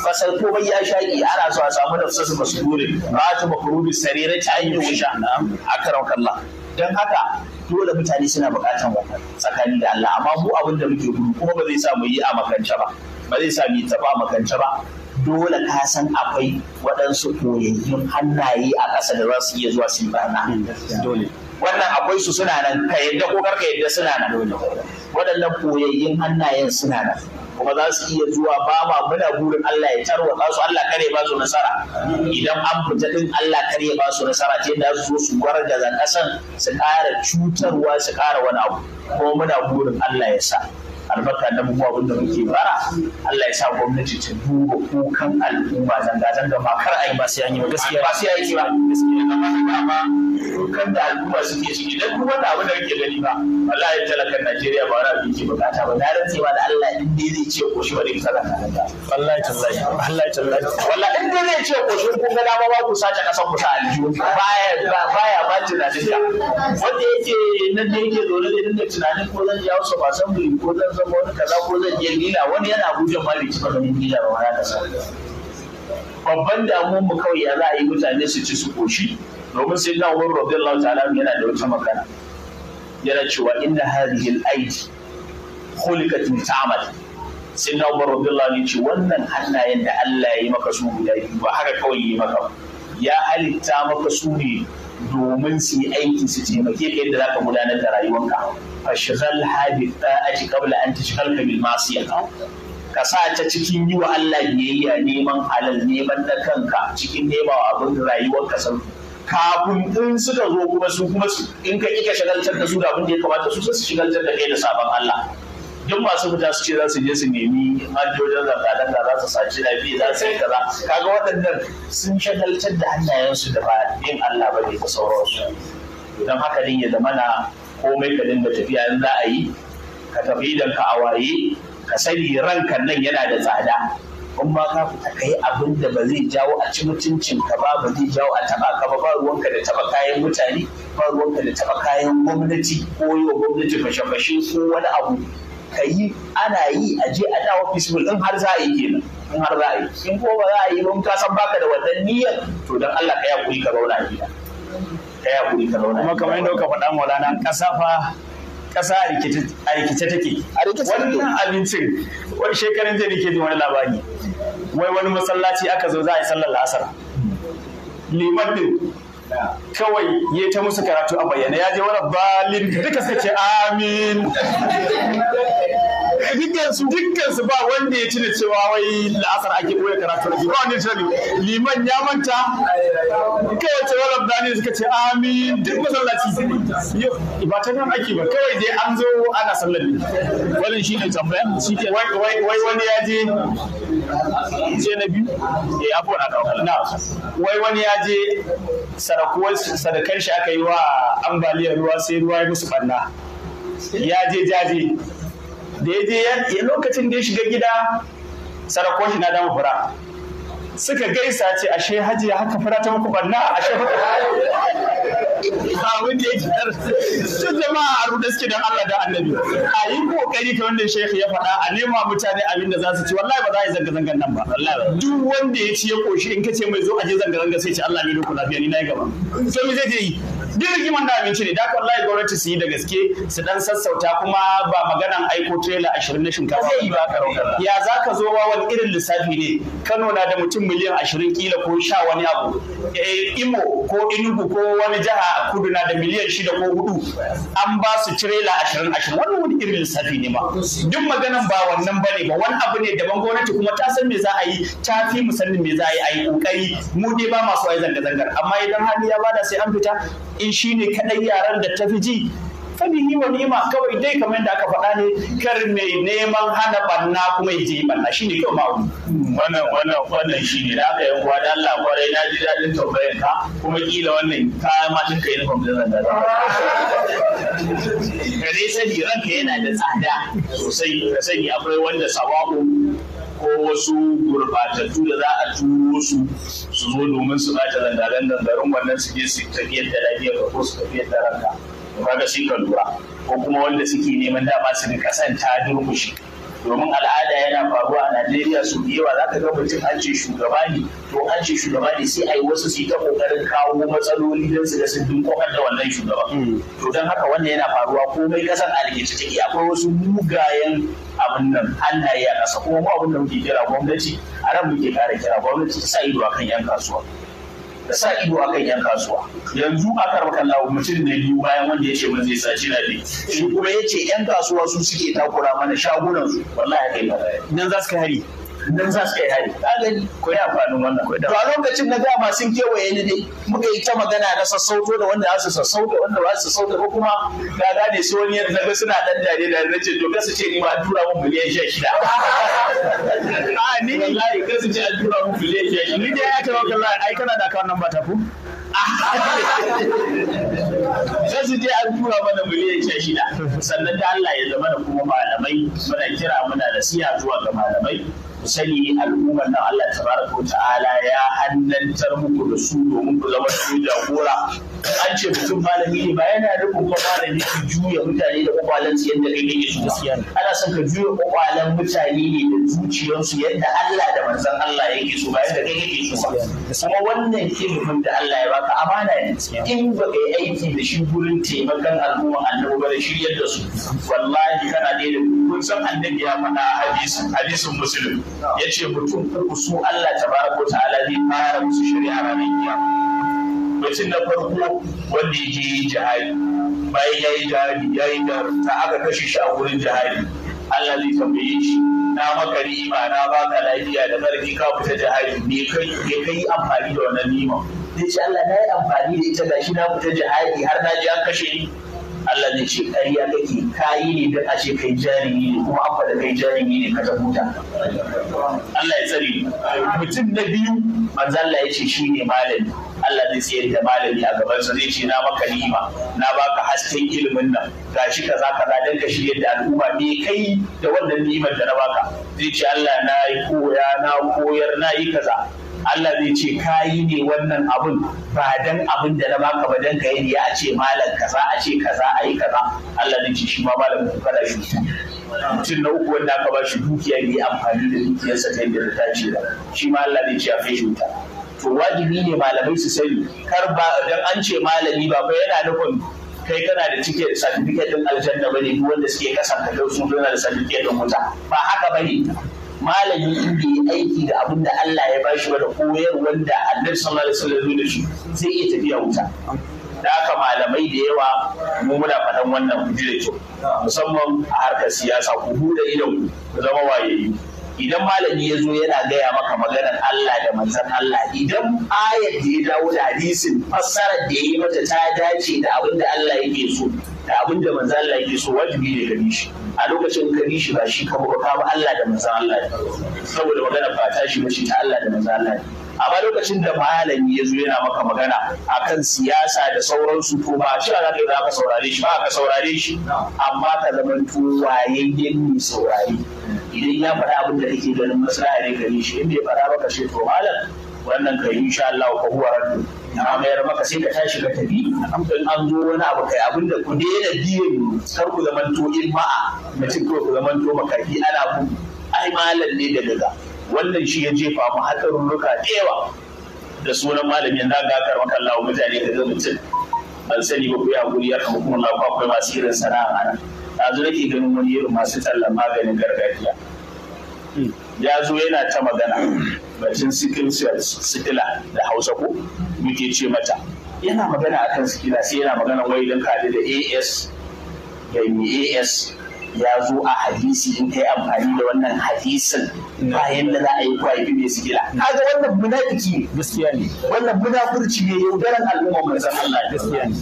kasar komai ya shaƙi ana so a samu da su masu burin ba ta makurubi sarere ta hanyar wuce a karan kalla don haka dole mutane suna bukatan wannan tsakani da Allah amma mu abin da muke gudu kuma ba zai sa mu yi a makance ba ba zai sa mu yi a makance ba dole ka san akwai waɗansu koyayyun hannaye a ƙasa da za su iya zuwa su yi barna dole wannan akwai su suna nan ka yadda ko karka yadda suna nan waɗannan koyayyin hannayen suna nan kuma za su iya zuwa ba ma muna burin Allah ya tarwatsa su Allah kare ba su nasara idan an fita din Allah kare ba su nasara ce da su zo su gwargaza kasan su ƙara cutarwa su ƙara wani abu kuma muna burin Allah ya sa albarka da mu wanda da muke bara Allah ya sa gwamnati ta duba kukan al'umma zanga zanga ma kar a yi ba sai an yi ba gaskiya ba sai an yi ba gaskiya na ma da ma kukan da al'umma suke ciki dan duk wanda abin da kake gani ba wallahi talakan Najeriya ba wani abin ke bukata ba na ba da Allah in dai zai ce koshi ba da kisa da kanka wallahi tallahi wallahi tallahi wallahi in dai zai ce koshi kun ga dama ba ku sace kasan ku ta aljihu baya baya ba tunanin da wanda yake nan da yake zaune da tunanin ko zan ji Hausa ba san ko zan kaza ko zan lila wani yana abuja ma bai cika ganin lila ba kasa babban damuwar mu kawai ya za a yi mutane su ci su koshi domin sai na umar radiyallahu ta'ala yana da wata magana yana cewa inna hadhihi al-aidi khuliqat ta'amal sai na umar radiyallahu ne ce wannan hannayen da Allah ya yi maka su guda biyu ba haka kawai ya yi maka ya halitta maka su ne domin su yi aiki su taimake ka yadda ka gudanar da rayuwanka fashghalha ta aji kabla an ka bil ma'siyah ka sa ta cikin yi wa Allah biyayya neman halal neman na kanka cikin nemawa abin rayuwar ka san kafin in suka zo kuma su kuma su in ka kika shagaltar da su da abin da ya kamata su su shagaltar da kai da sabon Allah duk masu fita su ce za su je su nemi madodin zanga da za su saci lafiya za su yi kaza kaga waɗannan sun shagaltar da hannayensu da ba yin Allah ba ne da sauransu don haka din ya zamana komai ka dinga tafiya in za a yi ka tafi idan ka awaye ka sani ranka nan yana da tsada in ba ka fita kai abin da ba zai jawo a ci mutuncin ka ba ba zai jawo a taba ka ba ba ruwanka da taba kayan mutane ba ruwanka da taba kayan gwamnati ko yi gwamnati fashe-fashe ko wani abu ka yi ana yi a je a dawo fisbul in har za a yi kenan in har za a yi in ko ba za a yi ba ka san baka da wannan niyyar to don Allah ka yi hakuri ka zauna a gida kai hakuri ka zauna kuma kamar yadda kuka faɗa na ƙasa fa ƙasa a rikice take wannan abincin wani shekarun jiya ke wani labari wai wani masallaci aka zo za a yi sallar la'asar liman din kawai ya ta musu karatu a bayyana ya je wani balin duka sai ce amin dukkansu dukkansu ba wanda ya tuna cewa wai la'asar ake koya karatu da ba wanda ya tuna liman ya manta kawai ce wani dani suka ce amin duk masallaci ba ta nan ake ba kawai dai an zo ana sallar ne shi ne tambayan shi ke wai wani ya je je na biyu eh abuwa na wai wani ya je sadakuwar sadakan shi aka yi wa ambaliyar ruwa sai ruwa ya musu banna ya je jaje da ya je lokacin da ya shiga gida sadakuwar shi na dama fura suka gaisa ce ashe haji haka fara ta muku banna ashe ba wanda yake su zama a ruda suke don Allah da annabi a yi kokari ta wanda shekhi ya faɗa a nema mutane abin da za su ci wallahi ba za a yi zanga-zangan nan ba duk wanda ya ci ya koshi in ka ce mai zo a je zanga-zanga sai ce Allah mai doku lafiya ni na yi gaba to me zai je yi duk rigiman da abinci ne da haka wallahi gwamnati su yi da gaske su dan sassauta kuma ba maganan aiko trailer ashirin na shinkafa ba ya za ka zo wa wani irin lissafi ne Kano na da mutum miliyan ashirin kila ko sha wani abu eh, imo ko inugu ko wani jiha kudu na da miliyan shida ko hudu an ba su tirela ashirin ashirin wannan wani irin lissafi ne ma duk maganan ba wannan bane ba wani abu ne daban gwamnati kuma ta san me za a yi ta fi mu sanin me za a yi a yi kokari mu dai ba masu ai zanga zangar amma idan hali ya bada sai an fita in shine kadai yaran da ta fi ji yi wa ni'ima kawai dai kamar da aka faɗa ne kar mai neman hana banna kuma ya je banna ne kawai ma'auni wannan wannan wannan ne da aka yi kuwa da Allah kwarai na ji daɗin tambayar ka kuma kila wannan ta ma duka yin kwamfuta zan da ka dai sani ranka yana da tsada sosai ka sani akwai wanda sawa'u ko wasu gurbatattu da za a turo su su zo domin su bata zanga-zangar garin wannan su je su tafiyar da lafiyar ko su tafiyar da ranka kaga sai ka lura ko kuma wanda suke neman dama su rika kasan ta durkushi domin al'ada yana faruwa a Najeriya su da za zaka ga mutum an ce shugaba ne to an ce shugaba ne sai ai wasu su ta kokarin kawo matsaloli don su ga sun dun da wannan shugaba hmm. to don haka wannan yana faruwa komai kasan ta take akwai wasu mugayen abin nan hannaye a ƙasa kuma mu abin da muke kira gwamnati a ran muke kara kira gwamnati ta sa ido a kan yan kasuwa da sa ido akan yan kasuwa yanzu aka raba kallawo mutum ne biyu bayan wanda ya ce mun zai saci na ne shi kuma ya ce yan kasuwa su suke takura mana shagunan su wallahi kai Idan za su kai hari nan za su kai hari kaga ko ya amfanin wannan ko da a lokacin na dama sun kewaye ni dai muka yi ta magana na sassauto da wanda za su sassauta wanda ba su sassauta ko kuma ga gane su wani yadda ga suna dan dare da nace to kasu ce ni ma tura mun miliyan shida. a ni wallahi kasu ce a tura mun miliyan shida. ni dai ya ce maka Allah ai kana da account number ta ku sai su je an tura mana miliyan sha shida sannan da Allah ya zama da kuma malamai muna kira muna siya zuwa ga malamai ku sani al'ummar nan Allah tabaraka ta'ala ya hannantar muku da su domin ku zama su jagora an ce mutum malami ne ba yana nufin kuma malami ki juya mutane da kwakwalen su yadda kai kake so ana son ka juya kwakwalen mutane ne da zuciyarsu yadda Allah da manzon Allah yake so ba yadda kai kake so kuma wannan ilimin da Allah ya baka amana ne in ba kai aiki da shi gurin taimakon al'umma annabi ba da shiryar da su wallahi kana da kun san annabi ya faɗa hadisi hadisin muslim yace mutum ku so Allah tabaraka ta'ala zai fara musu shari'a ranar kiyama mutum na farko wanda ya je jihadi bayan ya yi jihari ya yi ta aka kashe shi a wurin jihadi Allah zai tambaye shi na maka ni'ima na baka lafiya da karfi ka fita jihadi me kai ya kai amfani da wannan nima zai ce Allah na yi amfani da ita gashi na fita jihadi har na ji an kashe ni Allah zai ce ƙarya kake kayi ne don a ce kai jarumi ne kuma an faɗa kai jarumi ne ka ta huta Allah ya tsare mutum na biyu manzo ya ce shine malami Allah zai tsayar da malami a sa zai ce na maka ni'ima na baka hasken ilimin nan gashi kaza kaza dan ka shi da al'umma me kai da wannan ni'imar da na baka zai ce Allah na yi koya na koyar na yi kaza Allah zai ce kayi ne wannan abun ba dan abin da na baka ba dan ka yi a ce malam kaza a ce kaza a yi kaza Allah zai ce shi ma malamin ku kada shi mutum na uku wanda aka ba shi dukiya ne amfani da dukiyarsa ta yadda ta ce shi ma Allah zai ce a fahimta. to wajibi ne malamai su sani kar ba dan an ce malami ba fa yana nufin kai kana da cike certificate din aljanna bane duk wanda suke kasan ka su suna da certificate din wuta ba haka bane malami in bai yi aiki da abin da Allah ya bashi ba da koyar wanda Annabi sallallahu alaihi wasallam da shi zai iya tafiya wuta da haka malamai da yawa mu muna faɗan wannan ku ji da kyau musamman a harkar siyasa ku buɗe idan ku zama wayayyu idan malami ya zo yana gaya maka maganar Allah da manzan Allah idan ayar da ya dawo da hadisin fassarar da ya yi mata ta dace da abin da Allah yake so da abin da manzan Allah yake so wajibi ne ka shi a lokacin ka shi ba shi ka ba Allah da manzan Allah saboda maganar ba ta shi mashi ta Allah da manzan Allah amma lokacin da malami ya zo yana maka magana akan siyasa da sauransu to ba shi za ka za ka saurare shi ba ka saurare shi amma ka zama wayayyen ne idan ya faɗa abin da kake ganin maslaha ne gare shi in bai faɗa ba ka ce to malam wannan kai insha Allah ka huwa rabbi na mayar maka sai ka tashi ka tafi in an zo wani abu kai abin da ku daina biyan kar ku zamanto in ma'a mutum ko ku zamanto makafi ana ku ai malam ne da daga wannan shi ya jefa mu hatsarurruka da yawa da sunan malami da ga karɓar kallawa mutane ka ga mutum ban sani ba ku ya hakuri ya kama kuma ku akwai masu irin sana'a nan yanzu nake ganin wani irin masu tallan maganin gargajiya ya zo yana ta magana bacin sikin sikila da hausa ko muke ce mata yana magana akan sikila sai yana magana wai don kaji da as da as ya zo a hadisi in kai amfani da wannan hadisin bayan da za a yi kwaye mai sikila kaga wannan munafiki ne gaskiya ne wannan munafurci ne yaudaran al'umma manzon Allah gaskiya ne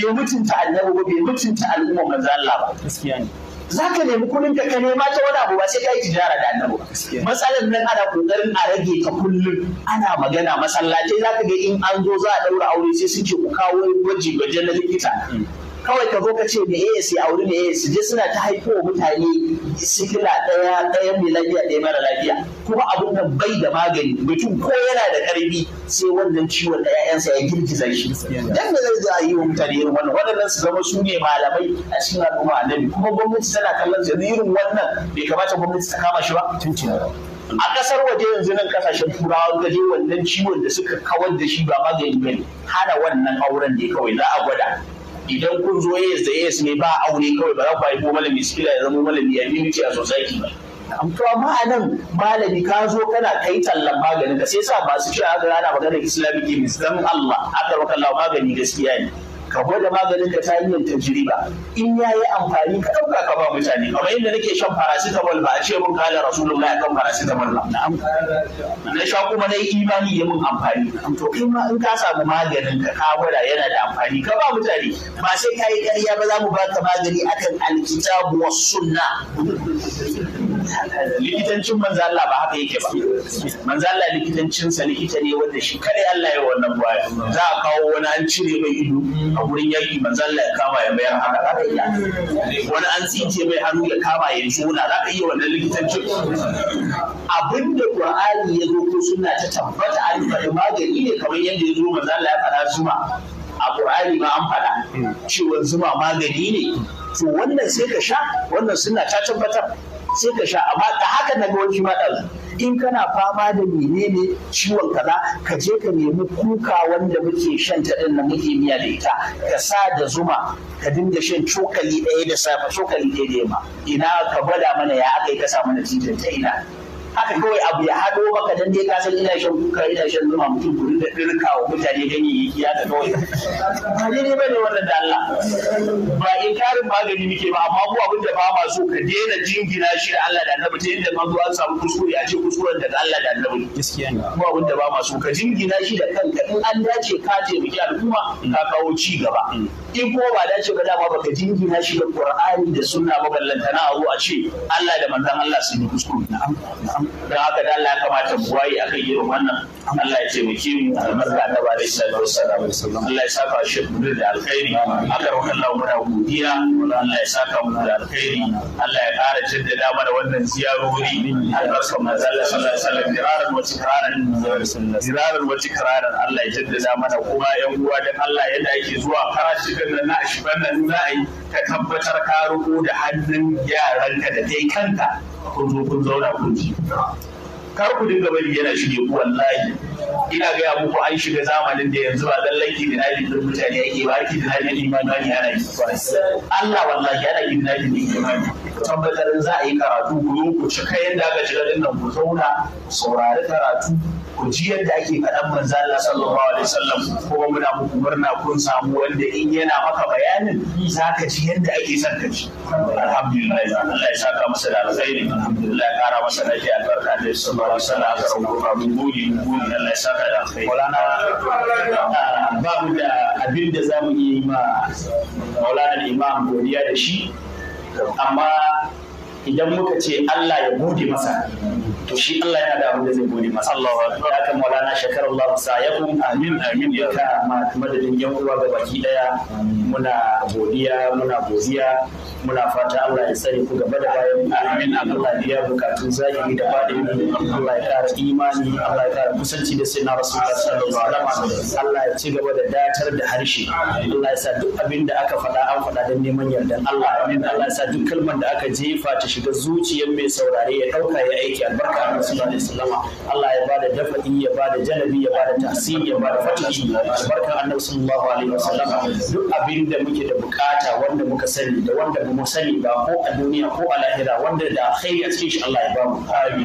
bai mutunta annabi ba bai mutunta al'umma manzon Allah ba gaskiya ne za ka nemi kudin ka ka nema ta wani abu ba sai ka yi tijara da annabi matsalar nan ana kokarin a rage ta kullum ana magana masallacai za ka ga in an zo za a ɗaura aure sai suke ku kawo gwaji gwaje na likita mm. kawai ka zo ka ce ya AS a wuri ya je suna ta haifo wa mutane sikila ɗaya ɗaya mai lafiya ɗaya mara lafiya kuma abun nan bai da magani mutum ko yana da ƙarfi sai wannan ciwon da ƴaƴansa ya girgiza shi dan da zai yi wa mutane irin wannan waɗannan su zama sune ne malamai a cikin al'umma annabi kuma gwamnati tana kallon su irin wannan bai kamata gwamnati ta kama shi ba a kasar waje yanzu nan kasashen turawa ga wannan ciwon da suka kawar da shi ba magani bane hana wannan auren da kawai za a gwada idan kun zo yes da yes ne ba aure kawai ba za ku haifo malami sikila ya zama malami ya minti a sosai ba to amma a nan malami ka zo kana kai tallan maganin ka sai sa masu a haka rana maganar islamic games dan Allah haka maka lawa magani gaskiya ne ka gwada maganin ka ta hanyar tajriba in ya yi amfani ka ɗauka ka ba mutane kamar yadda nake shan paracetamol ba a ce mun kala rasulullahi kan paracetamol ba na sha kuma na yi imani ya mun amfani to in ma in ka samu maganin ka ka gwada yana da amfani ka ba mutane ba sai ka yi ƙarya ba za mu ba ka magani akan alkitabu was sunna likitancin manzo Allah ba haka yake ba manzo Allah likitancin sa likita ne wanda shi kare Allah ya wannan baya za a kawo wani an cire mai ido a gurin yaki manzo Allah ya kama ya bayar haka haka ya wani an tsince mai hannu ya kama ya jona za ka iya wannan likitancin abinda Qur'ani ya zo ko suna ta tabbata an faɗi magani ne kamar yadda ya zo manzo Allah ya faɗa zuma a Qur'ani ma an faɗa cewa zuma magani ne to wannan sai ka sha wannan suna ta tabbatar sai ka sha amma da haka na ga wani ma in kana fama da menene ciwon kaza ka je ka nemi kuka wanda muke shan ta din muke miya da ita ka sa da zuma ka dinga shan cokali ɗaya da safa cokali ɗaya da yamma ina ka gwada mana ya aka yi ka samu natijar ta ina haka kawai abu ya haɗo maka dan dai ka san ina shan kuka ina shan zuma mutum kuri da ɗirka wa mutane ganyayyaki haka kawai ba ne ne ne wannan da Allah ba in karin magani muke ba amma ko abin da ba ma so ka daina jingina shi da Allah da annabi ta yadda manzo an samu kuskure a ce kuskuren daga Allah da annabi gaskiya ne ko abin da ba ma so ka jingina shi da kanka in an dace ka taimaki al'umma mm. ka kawo ci gaba mm. in ko ba dace ba dama baka jingina shi da Qur'ani da sunna ba ballantana a ruwa ce Allah da manzon Allah sun yi kuskure na'am don haka da Allah ya kamata mu waye akan irin wannan Allah ya taimake mu albarka da ba alaihi salatu wassalam Allah ya saka shi da alkhairi aka roƙa Allah muna godiya Allah ya saka mu da alkhairi Allah ya ƙara jaddada da wannan ziyarori albarkan manzo Allah sallallahu alaihi wasallam diraran wa tikraran diraran wa tikraran Allah ya jaddada da kuma yan uwa dan Allah yadda yake zuwa karatukan nan na ashiban nan za a yi ka tabbatar ka rubu da hannun yaranka da kai kanka kun zo kun zauna kun ji kar ku dinga bari yana shige ku wallahi ina gaya muku an shiga zamanin da yanzu ba da nadi da mutane ake ba kidinali din imani yana yi Allah wallahi ana kidinali da imani tabbatar za a yi karatu ku ku cika yanda aka shiga din nan ku zauna saurari karatu ku ji yadda ake faɗan manzo Allah sallallahu alaihi wasallam kuma muna muku murna kun samu wanda in yana maka bayanin zaka ji yadda ake son ka ji alhamdulillah Allah ya saka masa da alkhairi alhamdulillah ya kara masa lafiya albarka da sallallahu alaihi wasallam ga rubuta mun gode mun gode Allah ya saka da alkhairi maulana ah, babu da abin da zamu yi ma maulana imam godiya da shi amma idan muka ce Allah ya bude masa to shi Allah yana da abin da zai bude masa Allahu akbar haka maulana Ya kun amin amin ya ka madadin yan uwa ga baki daya muna godiya muna godiya muna fata Allah ya sani ku gaba da bayan amin Allah ya da fadin Allah ya kara imani Allah ya kara kusanci da sai na rasulullah sallallahu alaihi wasallam Allah ya ci gaba da datar da harshe Allah ya sa duk abin da aka faɗa an faɗa don neman yardan Allah amin Allah ya sa duk kalmar da aka jefa ta shiga zuciyar mai saurare ya ɗauka ya aiki albarka a nasu alaihi sallama Allah ya bada dafaɗi ya bada janabi ya bada tasiri ya bada fatihi albarkar annabi sallallahu alaihi wasallama duk abin da muke da bukata wanda muka sani da wanda ba mu sani ba ko a duniya ko a lahira wanda da alkhairi a cikin shi Allah ya bamu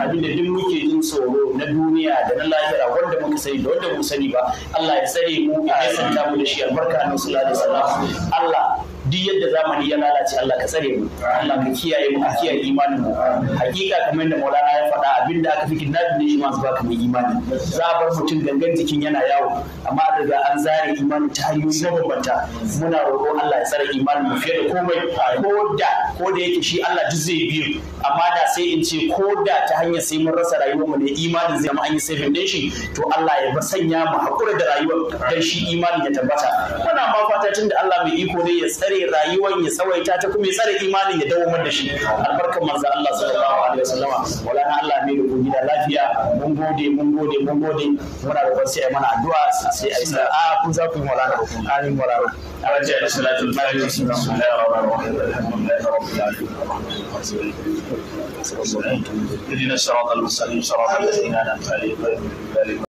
abin da duk muke jin tsoro na duniya da na lahira wanda muka sani da wanda mu sani ba Allah ya tsare mu ya santa mu da shi albarka annabi sallallahu alaihi wasallama Allah duk yadda zamani ya lalace Allah ka tsare mu Allah ka kiyaye mu ka kiyaye imanin mu hakika kamar da Maulana ya faɗa abinda aka fi kidnapping ne imanin ba kamar imani za a bar mutum gangan jikin yana yawo amma daga an zare imanin ta hanyoyi na mabambanta muna roƙo Allah ya tsare imanin mu fiye da komai ko da ko da yake shi Allah duk zai biyu amma da sai in ce ko da ta hanyar sai mun rasa rayuwar mu ne imanin zai zama an yi saving din shi to Allah ya ba sanya mu hakura da rayuwar dan shi imanin ya tabbata muna mafata fata tunda Allah mai iko ne ya tsare tsare rayuwar ya tsawaita ta kuma ya tsare imanin ya dawo da shi albarkar manzo Allah sallallahu alaihi wasallama wala na Allah mai da gobe da lafiya mun gode mun gode mun gode muna da roƙon sai mana addu'a sai ai sa a kun za ku yi wala amin wala arja da salatul maryam sallallahu alaihi wasallam اهدنا الصراط المستقيم صراط الذين انعمت عليهم